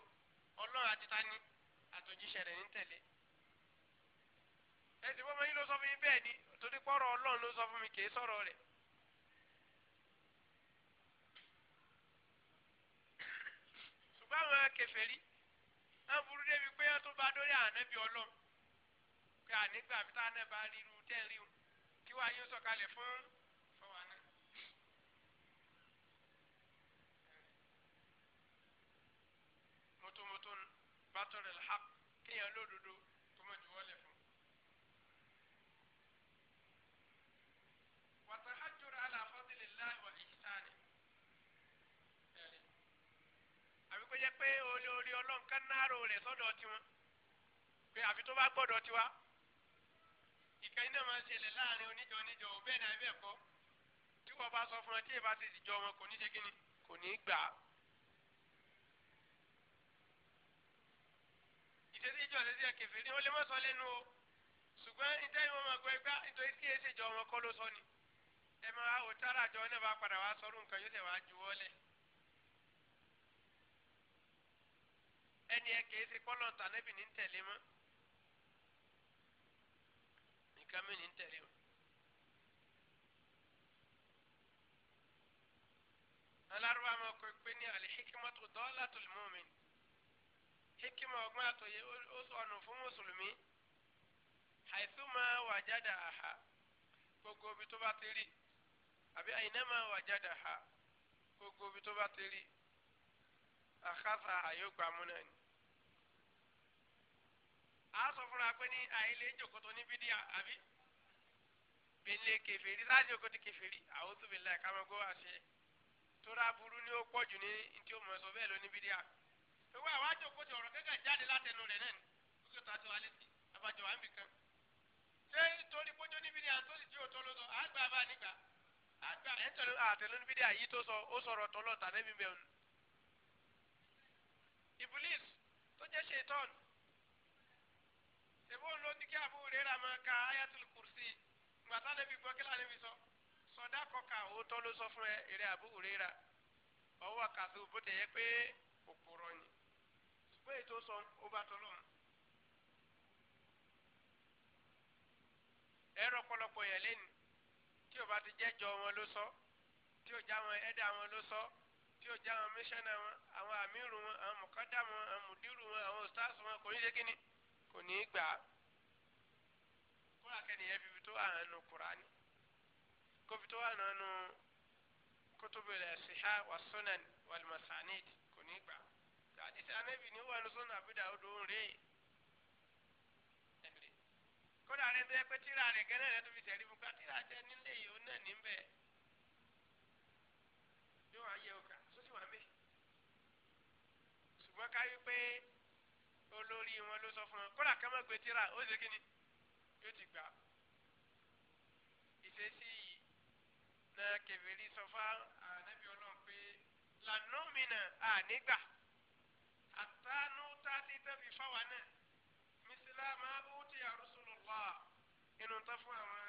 Speaker 1: ọlọ́run àtìta ni àtòjíṣẹ́ rẹ̀ ní tẹ̀lé. ẹ̀sìn bọ́mọ yìí ló sọ fún mi bẹ́ẹ̀ ni torí pọ́rọ̀ ọlọ́run ló sọ fún mi kìí sọ̀rọ̀ rẹ̀. ṣùgbọ́n àwọn kèfèrí náà burú débi pé wọ́n tún bá dórí ànábì ọlọ́run pé ànígbà mi ìwà yín sọ̀kalẹ̀ fún fọwọ́ náà. mọ́tòmọ́tò bàtọ̀rẹ̀ lè hàp kéèyàn lódodo tó mọ̀ jù wọ́lẹ̀ fún. wàtà hajjúra aláfọ́dìlẹ̀ láìwọ̀ ìsìtáàni. àbíkó jẹ́ pé olórí ọlọ́nkán náà rò rẹ̀ sọ́dọ̀ tiwọn pé àfi tó bá gbọ́dọ̀ tiwa ìkà iná máa ń ṣẹlẹ̀ láàrin oníjọ oníjọ ò bẹ́ẹ̀ ni àbí ẹ̀kọ́ tí wọ́n bá sọ fún ọ tí èèbá ti dìjọ wọn kò ní ṣe kíni kò ní gbà á. ìṣesí ìjọ ṣe sí ẹ̀kẹ́fẹ́ ni ó lè má sọ lẹ́nu o ṣùgbọ́n ìtẹ́yìn wọn máa gbọ́ ẹgbẹ́ nítorí kí èsì ìjọ wọn kọ́ ló sọ ni ẹ máa wò tára àjọ náà bá padà wá sọ́rùn nǹkan yóò tẹ̀ wá ju wọ́n lẹ̀. ẹni ẹ kèé ṣe kọ́lọ̀ tànẹ́bì ní tẹ̀lé mọ́ nǹkan mí ní tẹ̀lé o. alárúbá máa kọ pé ní àlè hikima tó dọ́là tó lè mu'min hikima ọgbọ́n àtòyè ó sọnù fún mùsùlùmí haythuma wajadaha gbogbo ibi tó bá ti rí àbí aynama wajadaha gbogbo ibi tó bá ti rí akhadhaha yóò gbàmú náà a sọ fúnra pé ní àìlè jòkótó ní bídíà àbí bèlè kẹfẹ́rí láti jòkótó kẹfẹ́rí àwọn tó bèlè àkàmọ́gó àṣẹ tóra burú ni ó pọ̀jù ní tí ó mọ̀ sọ bẹ́ẹ̀ lóní bídíà ìwé àwọn àjòkótó ọ̀rọ̀ kẹ́kẹ́ jáde látẹnu rẹ̀ náà ní kókè tó àti wàlẹ́ sí àbájọ wà mí kan ṣé torí pójó ní bídíà tó sì jí òtó ló sọ àgbà bá nígbà àgbà àtẹlóní bídíà yìí tó sọ ó sọ̀rọ̀ tọ́lọ̀ tàbí bíbẹ̀ òun. Iblis ṣèbó ló ní kí Abu Hurairah máa ka ayatul kursi gbàtà níbi gbọ́ kí lànà ibi sọ sọdá kọkà òótọ́ ló sọ fún ẹ èrè Abu Hurairah ọwọ́ kàtó bó tẹ̀ yẹ pé òpòrọ̀ ni ṣùgbọ́n ètò sọ ó bá tọ́lọ́ ẹ̀rọ ọ̀pọ̀lọpọ̀ yẹn lẹ́nu tí o bá ti jẹ́ jọ wọn ló sọ tí o já wọn ẹ̀dá wọn ló sọ tí o já wọn míṣánná wọn àwọn àmírù wọn àwọn mọ̀kádà wọn àwọn mùdírù wọn àwọn òstáàsì wọn kò ní ṣe kínní kò ní í gbà á kóra kẹ́ni yẹn fi tó hàn nù Kùránì kó fi tó hàn nù kutubul siha wa sunan wal masanid kò ní í gbà á àdìsí anábì ní wọn sọ nàbí dàwùd ó ń rè é kódà rẹ tó yẹ pé tíra rẹ gẹ́nẹ́ rẹ tó fi tẹ̀lé fún ká jẹ nílé yìí ó náà níbẹ̀ yóò wá yẹ òkà sósì wà mí
Speaker 2: ṣùgbọ́n ká wí pé
Speaker 1: olórí wọn ló sọ fún wọn kódà ká má gbé tíra ó ṣe kí ni yóò ti gbà. ìṣesí yìí náà kẹfìrí sọ fún ànábì ọlọ́run pé lànà mi náà ànígbà àtànú tá a ti tẹ́bi fáwa náà
Speaker 2: mísílá máa bó ti àrùsùn lọ́wọ́
Speaker 1: inú tán fún àwọn.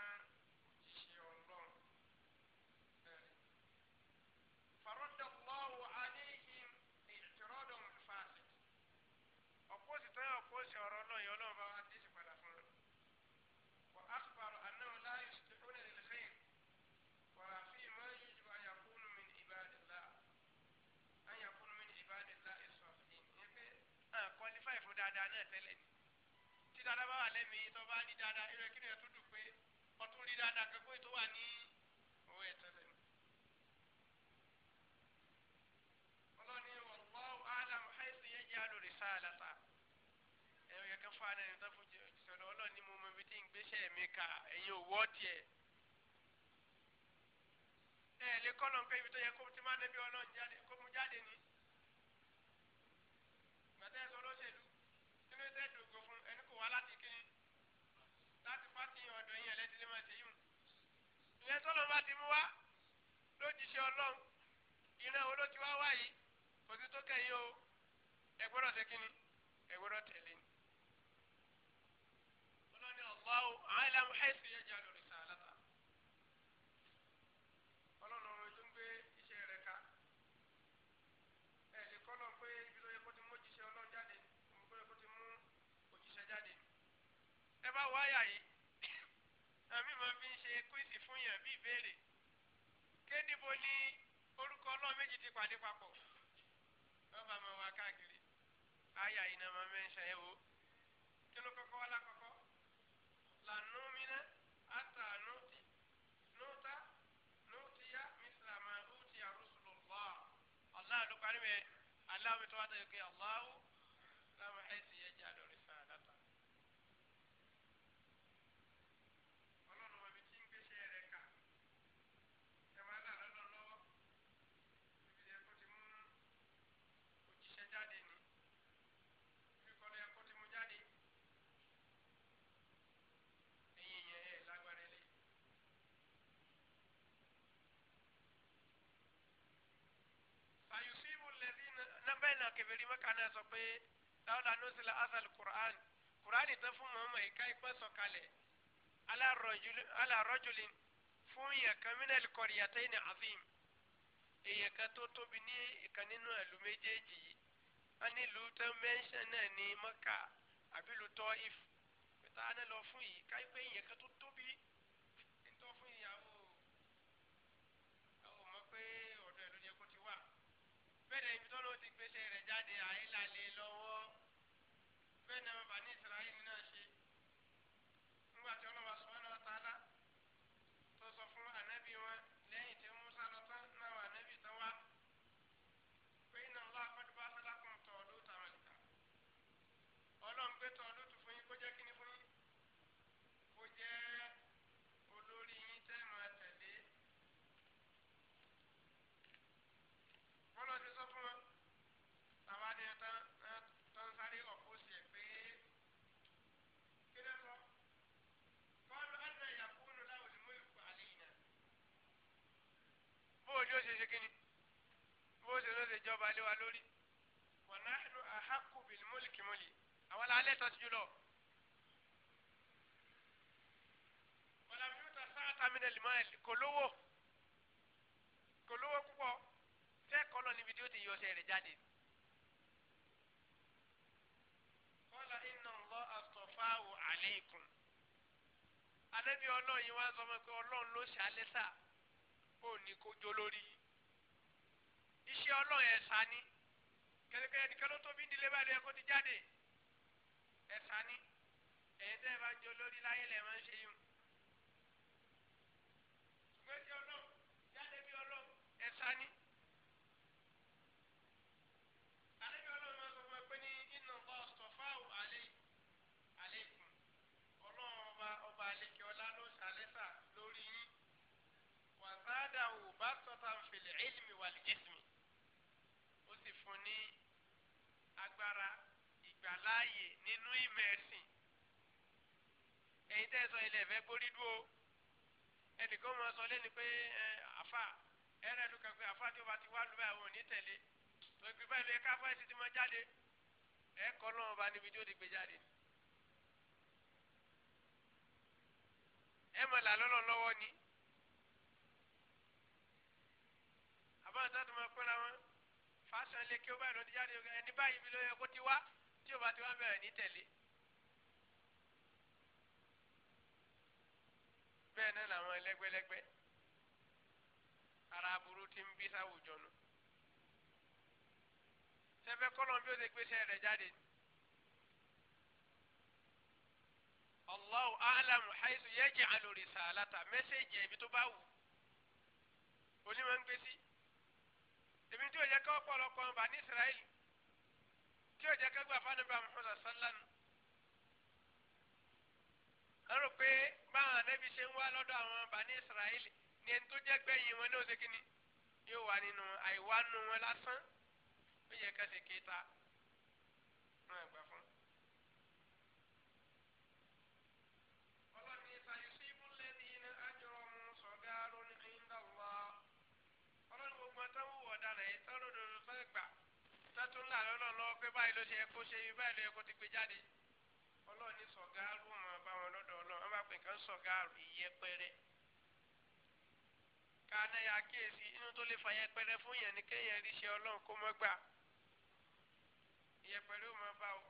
Speaker 1: rí dáadáa irú ẹkí ni ẹ tún dùn pé ọtún rí dáadáa kankan ètò wà ní owó ẹtẹlẹ. ọlọ́ni wallahu a'lam haythu yaj'alu risalata ẹ̀rọ yẹ kan fún ẹni tó fojú ìṣẹ̀lẹ̀ ọlọ́ni mo mọ ibi tí ń gbéṣẹ́ mi ka ẹ̀yin òwò tiẹ̀. ẹ lè kọ́ lọ́n pé ibi tó yẹ kó ti máa débi ọlọ́run jáde kó mu jáde ni. gbàtẹ́ sọ lóṣèlú inú ẹ̀sẹ̀ dògbò fún ẹni kò wá láti k
Speaker 2: ìyẹn tọ́lọ́ bá ti mú wá
Speaker 1: lójíṣẹ́ ọlọ́run ìran wo ló ti wá wá yìí kò sí tó kẹ́yìn o ẹ gbọ́dọ̀ ṣe kíni tẹ̀lé ni. ọlọ́ni ọ̀gbọ́n àwọn ìlànà ẹ̀sìn yẹn jà lórí. níbo ni orúkọ ọlọ́run méjì ti pàdé papọ̀ wọ́n bá máa wá káàkiri àyà iná máa mẹ́ńṣà ẹ̀ wò kí ló kọ́kọ́ wá lákọ́kọ́ lànà mìíràn àtà nùtì nùtà nùtì yá mísìlá máa hùtì àrùsùlùmọ́ ọ̀là ló parí mẹ́ aláwọ̀ mi tó wá tẹ̀lé pé aláwọ̀. bẹ́ẹ̀ náà kẹfẹ́rí mẹ́ka náà sọ pé láwùlá ló sì la asal quran quran tán fún mọ́mọ́ ìka ìpẹ́ sọ̀kalẹ̀ alárọ́júlì fún yẹ̀kan minel kọ̀rìyàtẹ́ ní azim èèyàn kan tó tóbi ní ìkan nínú ìlú méjèèjì yìí wọ́n ní ìlú tó mẹ́ńṣẹ̀ náà ní mẹ́ka àbí ìlú tó if pẹ̀tà náà lọ fún yìí ká ìpẹ́ èèyàn kan tó tóbi tó fún ìyàwó ọmọ pé ọ̀dọ̀ ẹ̀ ló yẹ ti wà bẹ́ẹ̀ ni ibi tó ló ti jáde àyílà lé lọ́wọ́ bẹ́ẹ̀ ni wọn bá ní ìsọ. bí ó ṣe ṣe kíni bó ṣe ló ṣe jọba lé wa lórí wa nahnu ahaqqu bil mulki mọ́lì àwọn alẹ́ tọ́ sí jùlọ. wọ́n làbí yóò ta sáà tàmínà lè máa kò lówó kò lówó púpọ̀ tẹ́ kọ́lọ̀ níbi tí ó ti yọ ọṣẹ rẹ̀ jáde. qala inna Allaha astafahu alaykum. anábì ọlọ́run yìí wá sọ fún pé ọlọ́run ló ṣe alẹ́ sáà ó ní kó jó lórí iṣẹ́ ọlọ́run ẹ̀sà ni kẹlẹkẹlẹ nìkan ló tóbi nílé bá lóye kó ti jáde ẹ̀sà ni ẹ̀yin tẹ́ ẹ bá jó lórí láyé lẹ̀ máa ń ṣe yìí. ṣùgbọ́n iṣẹ́ ọlọ́run jáde bí ọlọ́run ẹ̀sà ni. mubasatan fil ilmi wal jismi ó sì fún ní agbára ìgbàláàyè nínú ìmọ̀ ẹ̀sìn ẹ̀yin tẹ́ sọ ilẹ̀ ẹ̀fẹ́ gbórí dúró ẹnìkan mọ̀ sọ lẹ́nu pé àfa ẹ̀rẹ́ ló kàn pé àfa tí ó bá ti wá lu báyìí òun ní tẹ̀lé tó gbé báyìí lóye káfá ẹ̀sìn ti máa jáde ẹ̀kọ́ náà bá níbi tí ó ti gbé jáde ni. mọ̀ là lọ́lọ́ lọ́wọ́ ni jàmá àtàtà máa pẹ́ra wọn fásán lé kí ó báyìí lọ́dún jáde ẹni báyìí bí ló yẹ kó ti wá tí ó bá ti wá bẹ̀rẹ̀ ní tẹ̀lé. bẹ́ẹ̀ náà làwọn ẹlẹ́gbẹ́lẹ́gbẹ́ ara aburú ti ń bí sáwùjọ nù. sẹ́fẹ́ kọ́lọ́n bí ó ṣe gbéṣẹ́ rẹ̀ jáde. Allahu a'lamu haythu yaj'alu risalata mẹ́sẹ̀jì ẹ̀bí tó bá wù. onímọ̀ ń gbé sí ibi tí ó yẹ ká ọ̀pọ̀lọpọ̀ ọba ní israẹli tí ó yẹ ká gba fanibà muhammad sallallahu wọn rò pé báwọn anabi ṣe ń wá lọ́dọ̀ àwọn ọba ní israẹli ni ẹni tó jẹ́ gbẹ̀yìn wọn ní òsèkínì yóò wà nínú àìwá nù wọn lásán ó yẹ ká kéta. súnà lọ́lọ́ lọ́wọ́ pé báyìí ló ṣe yẹ kó ṣe yìí báyìí ló yẹ kó ti gbé jáde ọlọ́ọ̀ni sọ̀gáàrù mọ̀ báwọn lọ́dọ̀ ọlọ́ọ̀ wọ́n bá pè kán sọ̀gáàrù ìyẹpẹrẹ káná ya kíyèsí inú tó lè fa yẹpẹrẹ fún yẹn ni kéèyàn rí ṣe ọlọ́run kó mọ́ gbà ìyẹpẹrẹ ò mọ́ bá o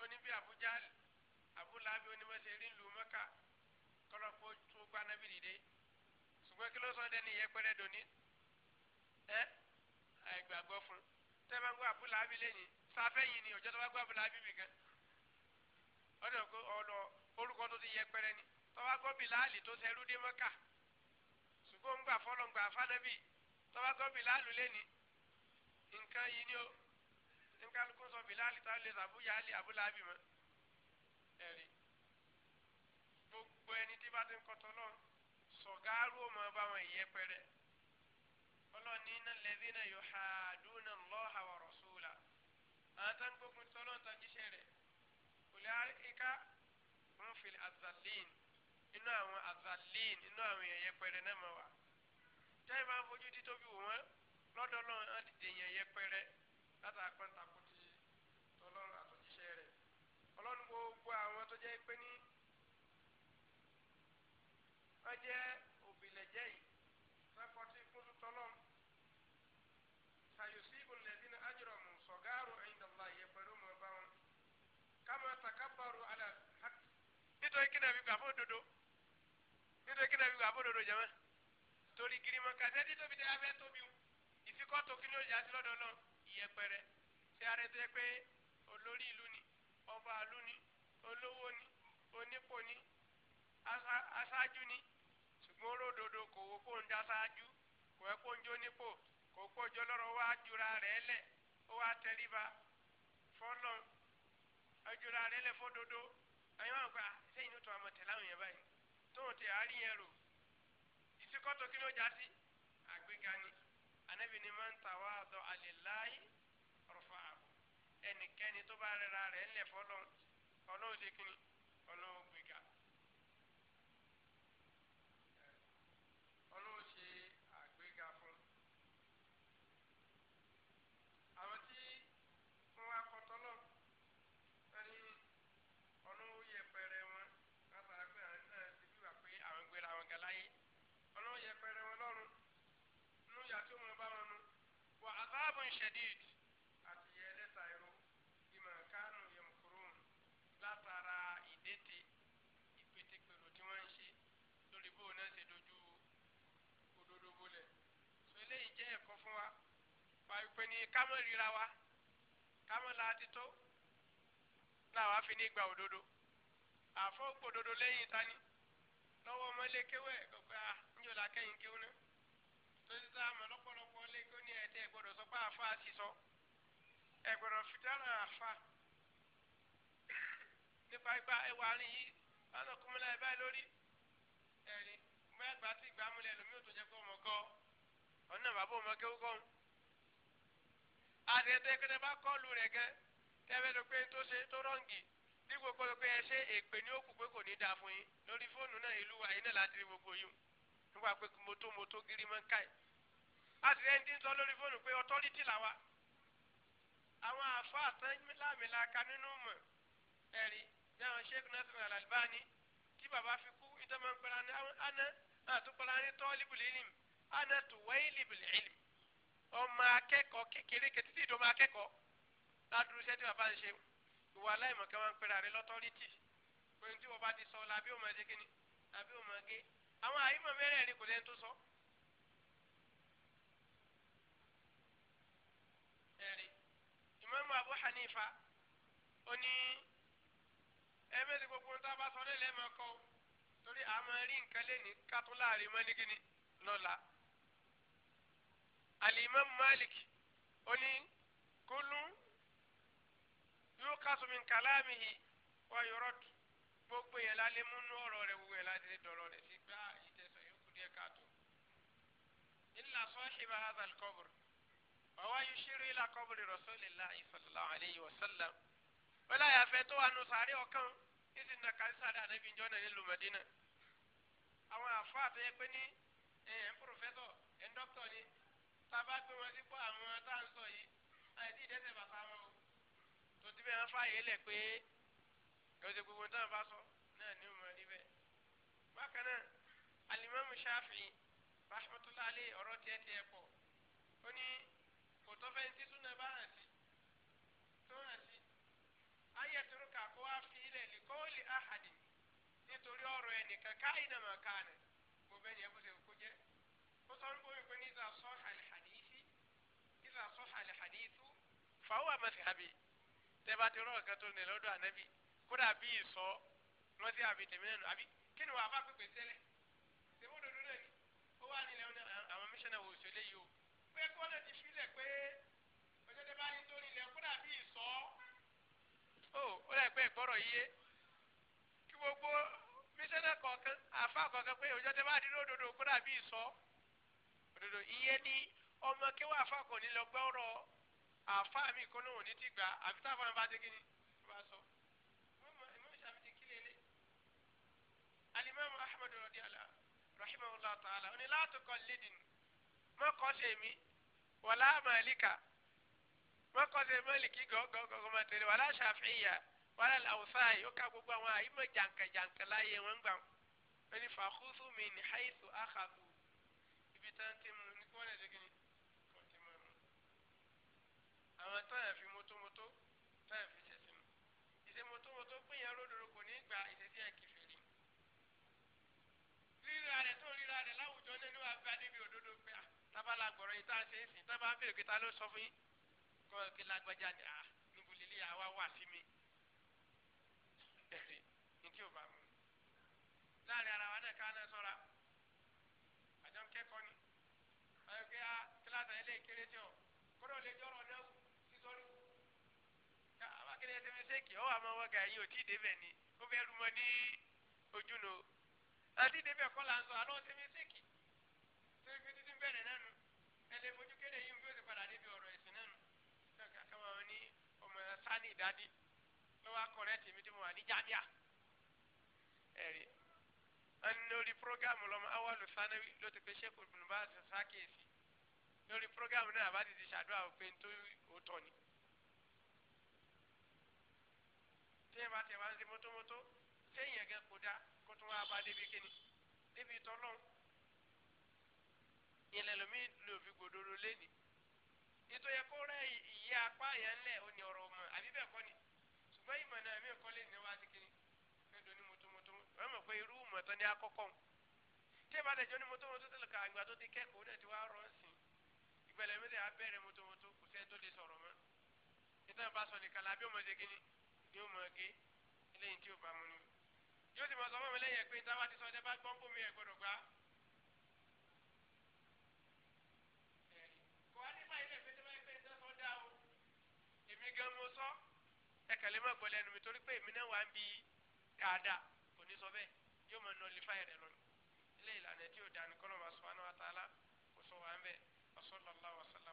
Speaker 1: ó ní bí àbújá àbúlábí onímọ̀ọ́sẹ̀ rí ìlú mọ́kà kọ́lọ́pọ̀ tó gba nábì dìde ṣùgbọ́n kí ló sọ dẹ́ni ìyẹpẹrẹ dòní ẹ́ àìgbàgbọ́ fún un tẹ́fẹ́ gbọ́ abúlábí lẹ́yìn sáfẹ́yìn ni ọjọ́ tó bá gbọ́ abúlábí mi gan ọdún ọkọ ọlọ orúkọ tó ti yẹ pẹrẹ ni tọ́wá gbọ́ bìláàlì tó ṣẹrú dé mọ́kà ṣùgbọ́n ń gbà fọlọ́ ń gbà fánẹ́bì tọ́wá gbọ́ bìláàlù lẹ́ni nǹkan yìí ni ó nǹkan kó sọ bìláàlì táwọn lè sàbúyà àlè abúlábí mọ́ ẹ̀rí gbogbo ẹni tí bá ti ń kọ́tọ́ lọ́n sọ̀gáàrú ò mọ̀ bá wọn ìyẹpẹrẹ ọlọ́ọ̀ni iná lẹ́bí náà yóò ha dúnà lọ́ha wà rọ̀ṣúlà àwọn tó ń gbógun tó lọ́n tó jíṣẹ́ rẹ̀ kòlẹ́ àríkà ń fi azalin inú àwọn azalin inú àwọn èèyàn yẹpẹrẹ náà mọ̀ wá tẹ́ ẹ máa títóbi wò wọ́n á dìde èèyàn yẹpẹrẹ látàá pẹ́ńtà kò tọ́lọ́run àtọ̀jíṣẹ́ rẹ̀ ọlọ́run gbogbo àwọn tó jẹ́ pé ní wọ́n jẹ́. kina bi gafo dodo nito kina bi gafo dodo jama tori kirima kase ti tobi tɛ afɛ tobi o isi kɔ to kini o ja ti lɔdɔ lɔ iyɛpɛrɛ se are tɛ pe olori ilu ni ɔbɔ alu ni olowo ni onipo ni asaju ni sugbon ro dodo ko wo ko n da saju ko ɛ ko n jo nipo ko ko jo lɔrɔ wa jura rɛ lɛ o wa tɛriba fɔlɔ ajura rɛ lɛ fɔ dodo. àyìn wọn pa sẹ́yìn ní tó àmọ̀ tẹ̀lé àwọn yẹn báyìí tó wọn tẹ̀ àárín yẹn rò ìsìkọ́tò kí ló já sí àgbéga ni anabi ni máa ń ta wá àdọ́ àlèláyé rọ̀fà ẹnikẹ́ni tó bá rẹra rẹ̀ ńlẹ̀ fọlọ́ ọlọ́ọ̀dẹ́kìnrin. الجديد أتيالي سايرو بما كانوا يمكرون لا ترى إدتي إبتك بلوتيوانشي لوليبو ناسي دوجو òdodo bolẹ̀ so eléyìí jẹ́ ẹ̀kọ́ fún wa wàá pè ní kámọ́ ríra wa kámọ́ la ti tó làwa fi ní gba òdodo àfọ́ òdodo lẹ́yìn tani lọ́wọ́ ọmọlé kéwẹ́ gbogbo à ń yọ̀ lákẹ́yìn kéwọ́ náà tó ti sá àmọ́ lọ́pọ̀lọpọ̀ ẹ̀ tẹ́ ẹ gbọ́dọ̀ sọ pé àfa sì sọ ẹ gbọ́dọ̀ fi dára àfa nípa ìgbà ẹwà rìn yìí wọn kún mi láì báyìí lórí ẹ̀rí mẹ́gbàá tí ìgbà múlẹ̀ lómi ò tó jẹ́ pé ọmọ kọ́ ọ̀nà bàbá ọmọ kéwú kọ́ àtẹ̀tẹ̀ kẹtẹ bá kọ́ọ̀lù rẹ̀ gẹ́
Speaker 2: tẹ́fẹ́ tó pé tó ṣe tó rọ́ǹgì
Speaker 1: ní gbogbo tó pé ẹ ṣe èpè ní òkú pé kò ní dáa fún yín lórí fóònù náà ìlú wa yín náà láti rí gbogbo yìí nípa pé mo tó mo tó gírí mọ́ káyìí a àtìlẹ́yìn tí ń sọ lórí fóònù pé ọtọ́rìtì làwa àwọn àfa àtẹ́lámìlá ka nínú mọ̀ ẹ̀rí ní àwọn sheikh nasir al-Albani tí baba fi kú ìjọba ń pẹ́ra ní àná àtúpọ̀lá ní tọ́líbùl ilm àná tuwailibul ilm ọmọ akẹ́kọ̀ọ́ kékeré kẹtìtì ìdọ́mọ akẹ́kọ̀ọ́ ládùúrú iṣẹ́ tí baba ń ṣe ìwà aláìmọ̀ kan máa ń pẹ́ra rẹ lọ́tọ́rìtì pé ní tí wọ́n bá ti sọ làbí òmọdé kíni làbí òmọdé àwọn àyímọ̀ mẹ́rẹ̀ẹ̀rin kò lẹ́ni tó sọ. So. ìmáàmù Abu Hanifa ó ní ẹ̀mẹ́sì gbogbo ń tábà sọ nílẹ̀ mọ́kọ́ torí àmọ́ rí nǹkan lẹ́ni kátó láàrin mọ́ nígínní lọ́la. Al-Imam Malik ó ní kullu yuqasu min kalamihi wa yurad gbogbo yẹn lálé múnú ọ̀rọ̀ rẹ̀ wúwo yẹn láti dọ̀rọ̀ rẹ̀ sí gbá ìjẹsọ̀ yókù díẹ̀ káàtó. illa sahiba hadha al-qabr ọwọ́ yìí ṣírí ilà kọ́bùrì rasulillahi sallallahu alayhi wa sallam wọ́n láyà fẹ́ tó wà nù sàárè ọ̀kan ìsì nà kárí sàárè ànábì njọ́ nà nílùú Madina àwọn àfọ àtẹyẹ pé ní ẹn pòrọfẹ́sọ̀ ẹn dọ́kítọ̀ ni tábà gbé wọn sí pọ̀ àwọn tá à ń sọ yìí àìsí ìdẹ́sẹ̀ bàtà wọn o tó ti bẹ́ẹ̀ fààyè lẹ̀ pé ọ̀sẹ̀ gbogbo táwọn bá sọ náà ní òun rí bẹ́ẹ̀. bákan náà alimami Shafi'i rahmatullahi ọ̀rọ̀ tiẹ̀ tiẹ̀ pọ̀ ó ní tó fẹ́ tí súnà bá hàn sí tó hàn sí ayé turuka kó wá fi ilẹ̀ lè kó lè ahadi nítorí ọ̀rọ̀ ẹnìkan káyì nà má ká nà mo bẹ́ẹ̀ yẹ kó ṣe kó jẹ́ ó sọ wípé wípé ní ìlà sọ àlẹ́ hadithi ìlà sọ àlẹ́ hadithu fàwọn àmàfi àbí tẹ́bà tí ọlọ́run kan tó nílẹ̀ lọ́dọ̀ ànábì kódà bí ìsọ lọ́sí àbí tèmi náà àbí kí ni wàá bá pípé tẹ́lẹ̀ tèmi òdodo náà ni ó wà nílẹ̀ àwọn míṣánná wò sọ pé kọ́lẹ̀ ti filẹ̀ pé ọjọ́dẹ́ bá ní torí ilẹ̀ kó dàbí ìsọ́ ó ó lè pé ìgbọ́rọ̀ yíyé kí gbogbo mísẹ́nà kọ̀ọ̀kan àfa kọ̀ọ̀kan pé ọjọ́dẹ́ bá dín lódodo kó dàbí ìsọ́ òdodo ìyẹn ni ọmọ kí wọ́n àfa kò ní lọ gbọ́rọ̀ àfa mi kó lóun ní ti gbà àfi táwọn afáàmì bá dé kí ni wọ́n bá sọ. alimami ahmed rọdí ala rahimahullah ta'ala oní látọkọ lédìn mọ́kọ́ sèmi wàlá màlíkà wọn kọ́ sí màlíkì gọ́gọ́gọ́ máa tẹ̀lé wàlá ṣàfihà wàlá làwùsáì ó ká gbogbo àwọn àyímọ̀ jàǹkàjàǹkà láyé wọn gbà
Speaker 2: wọn ni fàkúsù mi ní haisu àkàtù
Speaker 1: ibi tán ti mú ní kí wọ́n lè dé kí ni kò ti mọ̀ mọ́ àwọn táyà fi mótómótó táyà fi ṣẹ̀ṣẹ̀ mọ́ ìṣe mótómótó gbìyànjú lódòdó kò ní gba ìṣesí ẹ̀kífèrè rírà rẹ̀ tó rírà rẹ̀ láwùjọ nínú agbádébí òdodo tábàlà gbọ̀rọ̀ yìí tá a ṣe é sìn tábà ń bèrè pé ta ló sọ fún yín kọ́ kí lágbájá ni à níbo lílé àwa wà sí mi ẹ̀sìn ní tí ò bá mu láàrin ara wa náà ká náà sọ́ra ni ayọ̀ pé a kíláàsì ayẹlẹ kéré tí ọ kọ́dọ̀ lè jọrọ̀ dẹ́wù sísọ́rí àwọn akéde ẹsẹ̀ mẹ́sẹ̀kì ọwọ́ àmọ́ wọn gà yín ò tí ì débẹ̀ ni ó fẹ́ rúmọ ní ojúno àti débẹ̀ kọ́ là ń sọ àlọ́ ẹsẹ̀ mẹ́sẹ̀kì bẹ̀rẹ̀ náà nù ẹlẹ́ mojú kéde yìí bí ó ti padà débi ọ̀rọ̀ ẹ̀sìn náà nù lọ́kà káwọn ní ọmọ sani ìdádì lọ́wọ́ akọ̀rẹ́ tèmi tí mo wà ní jábíà ẹ̀rí ẹni lórí prógámù lọ́mọ awalu sanawi ló ti pe sẹ́kù bùnúbà sàkíyèsí lórí prógámù náà àbá ti ṣàdúrà òpin tó òótọ́ ni. téèyàn bá tẹ̀ wá ń ṣe mótómótó téèyàn gẹ́ kó dá kó tún wá bá débi kíni débi tọ́lọ́hún ìyẹn lẹ́lọ́mí ló fi leni. lẹ́ni ètò yẹ kó rẹ ìyá apá yẹn ńlẹ̀ ó ní ọ̀rọ̀ ọmọ àbí bẹ́ẹ̀ kọ́ ni ṣùgbọ́n ìmọ̀ náà mí kọ́ lé ní wá sí kiri lọ́dọ̀ ní mọ́tòmọ́tò wọ́n mọ̀ pé irú mọ̀tọ́ ní akọ́kọ́ ń tí ìbá dẹ̀jọ́ ní mọ́tòmọ́tò tẹ̀lé ká àgbà tó ti kẹ́kọ̀ọ́ náà ti wá rọ̀ ń sìn ìgbẹ̀lẹ̀ mi ti abẹ́rẹ́ mọ́tòmọ́tò kò sẹ́ tó lè sọ̀rọ̀ mọ́ nítorí bá sọ nìkan lábẹ́ ọmọ ṣe kiri ni ó mọ̀ gé eléyìí tí ó bá mu ni yóò sì mọ̀ sọ fún ẹ kàlẹ́ má gbọ́ lẹ́nu mi torí pé èmi náà wà ń bi dáadáa kò ní sọ bẹ́ẹ̀ yóò máa nọ lífà rẹ̀ lọ́nà ilé ìlànà tí yóò dání kọ́lọ́ wa subhanahu wa ta'ala kò sọ wà ń bẹ́ẹ̀ wa sallallahu wa sallam.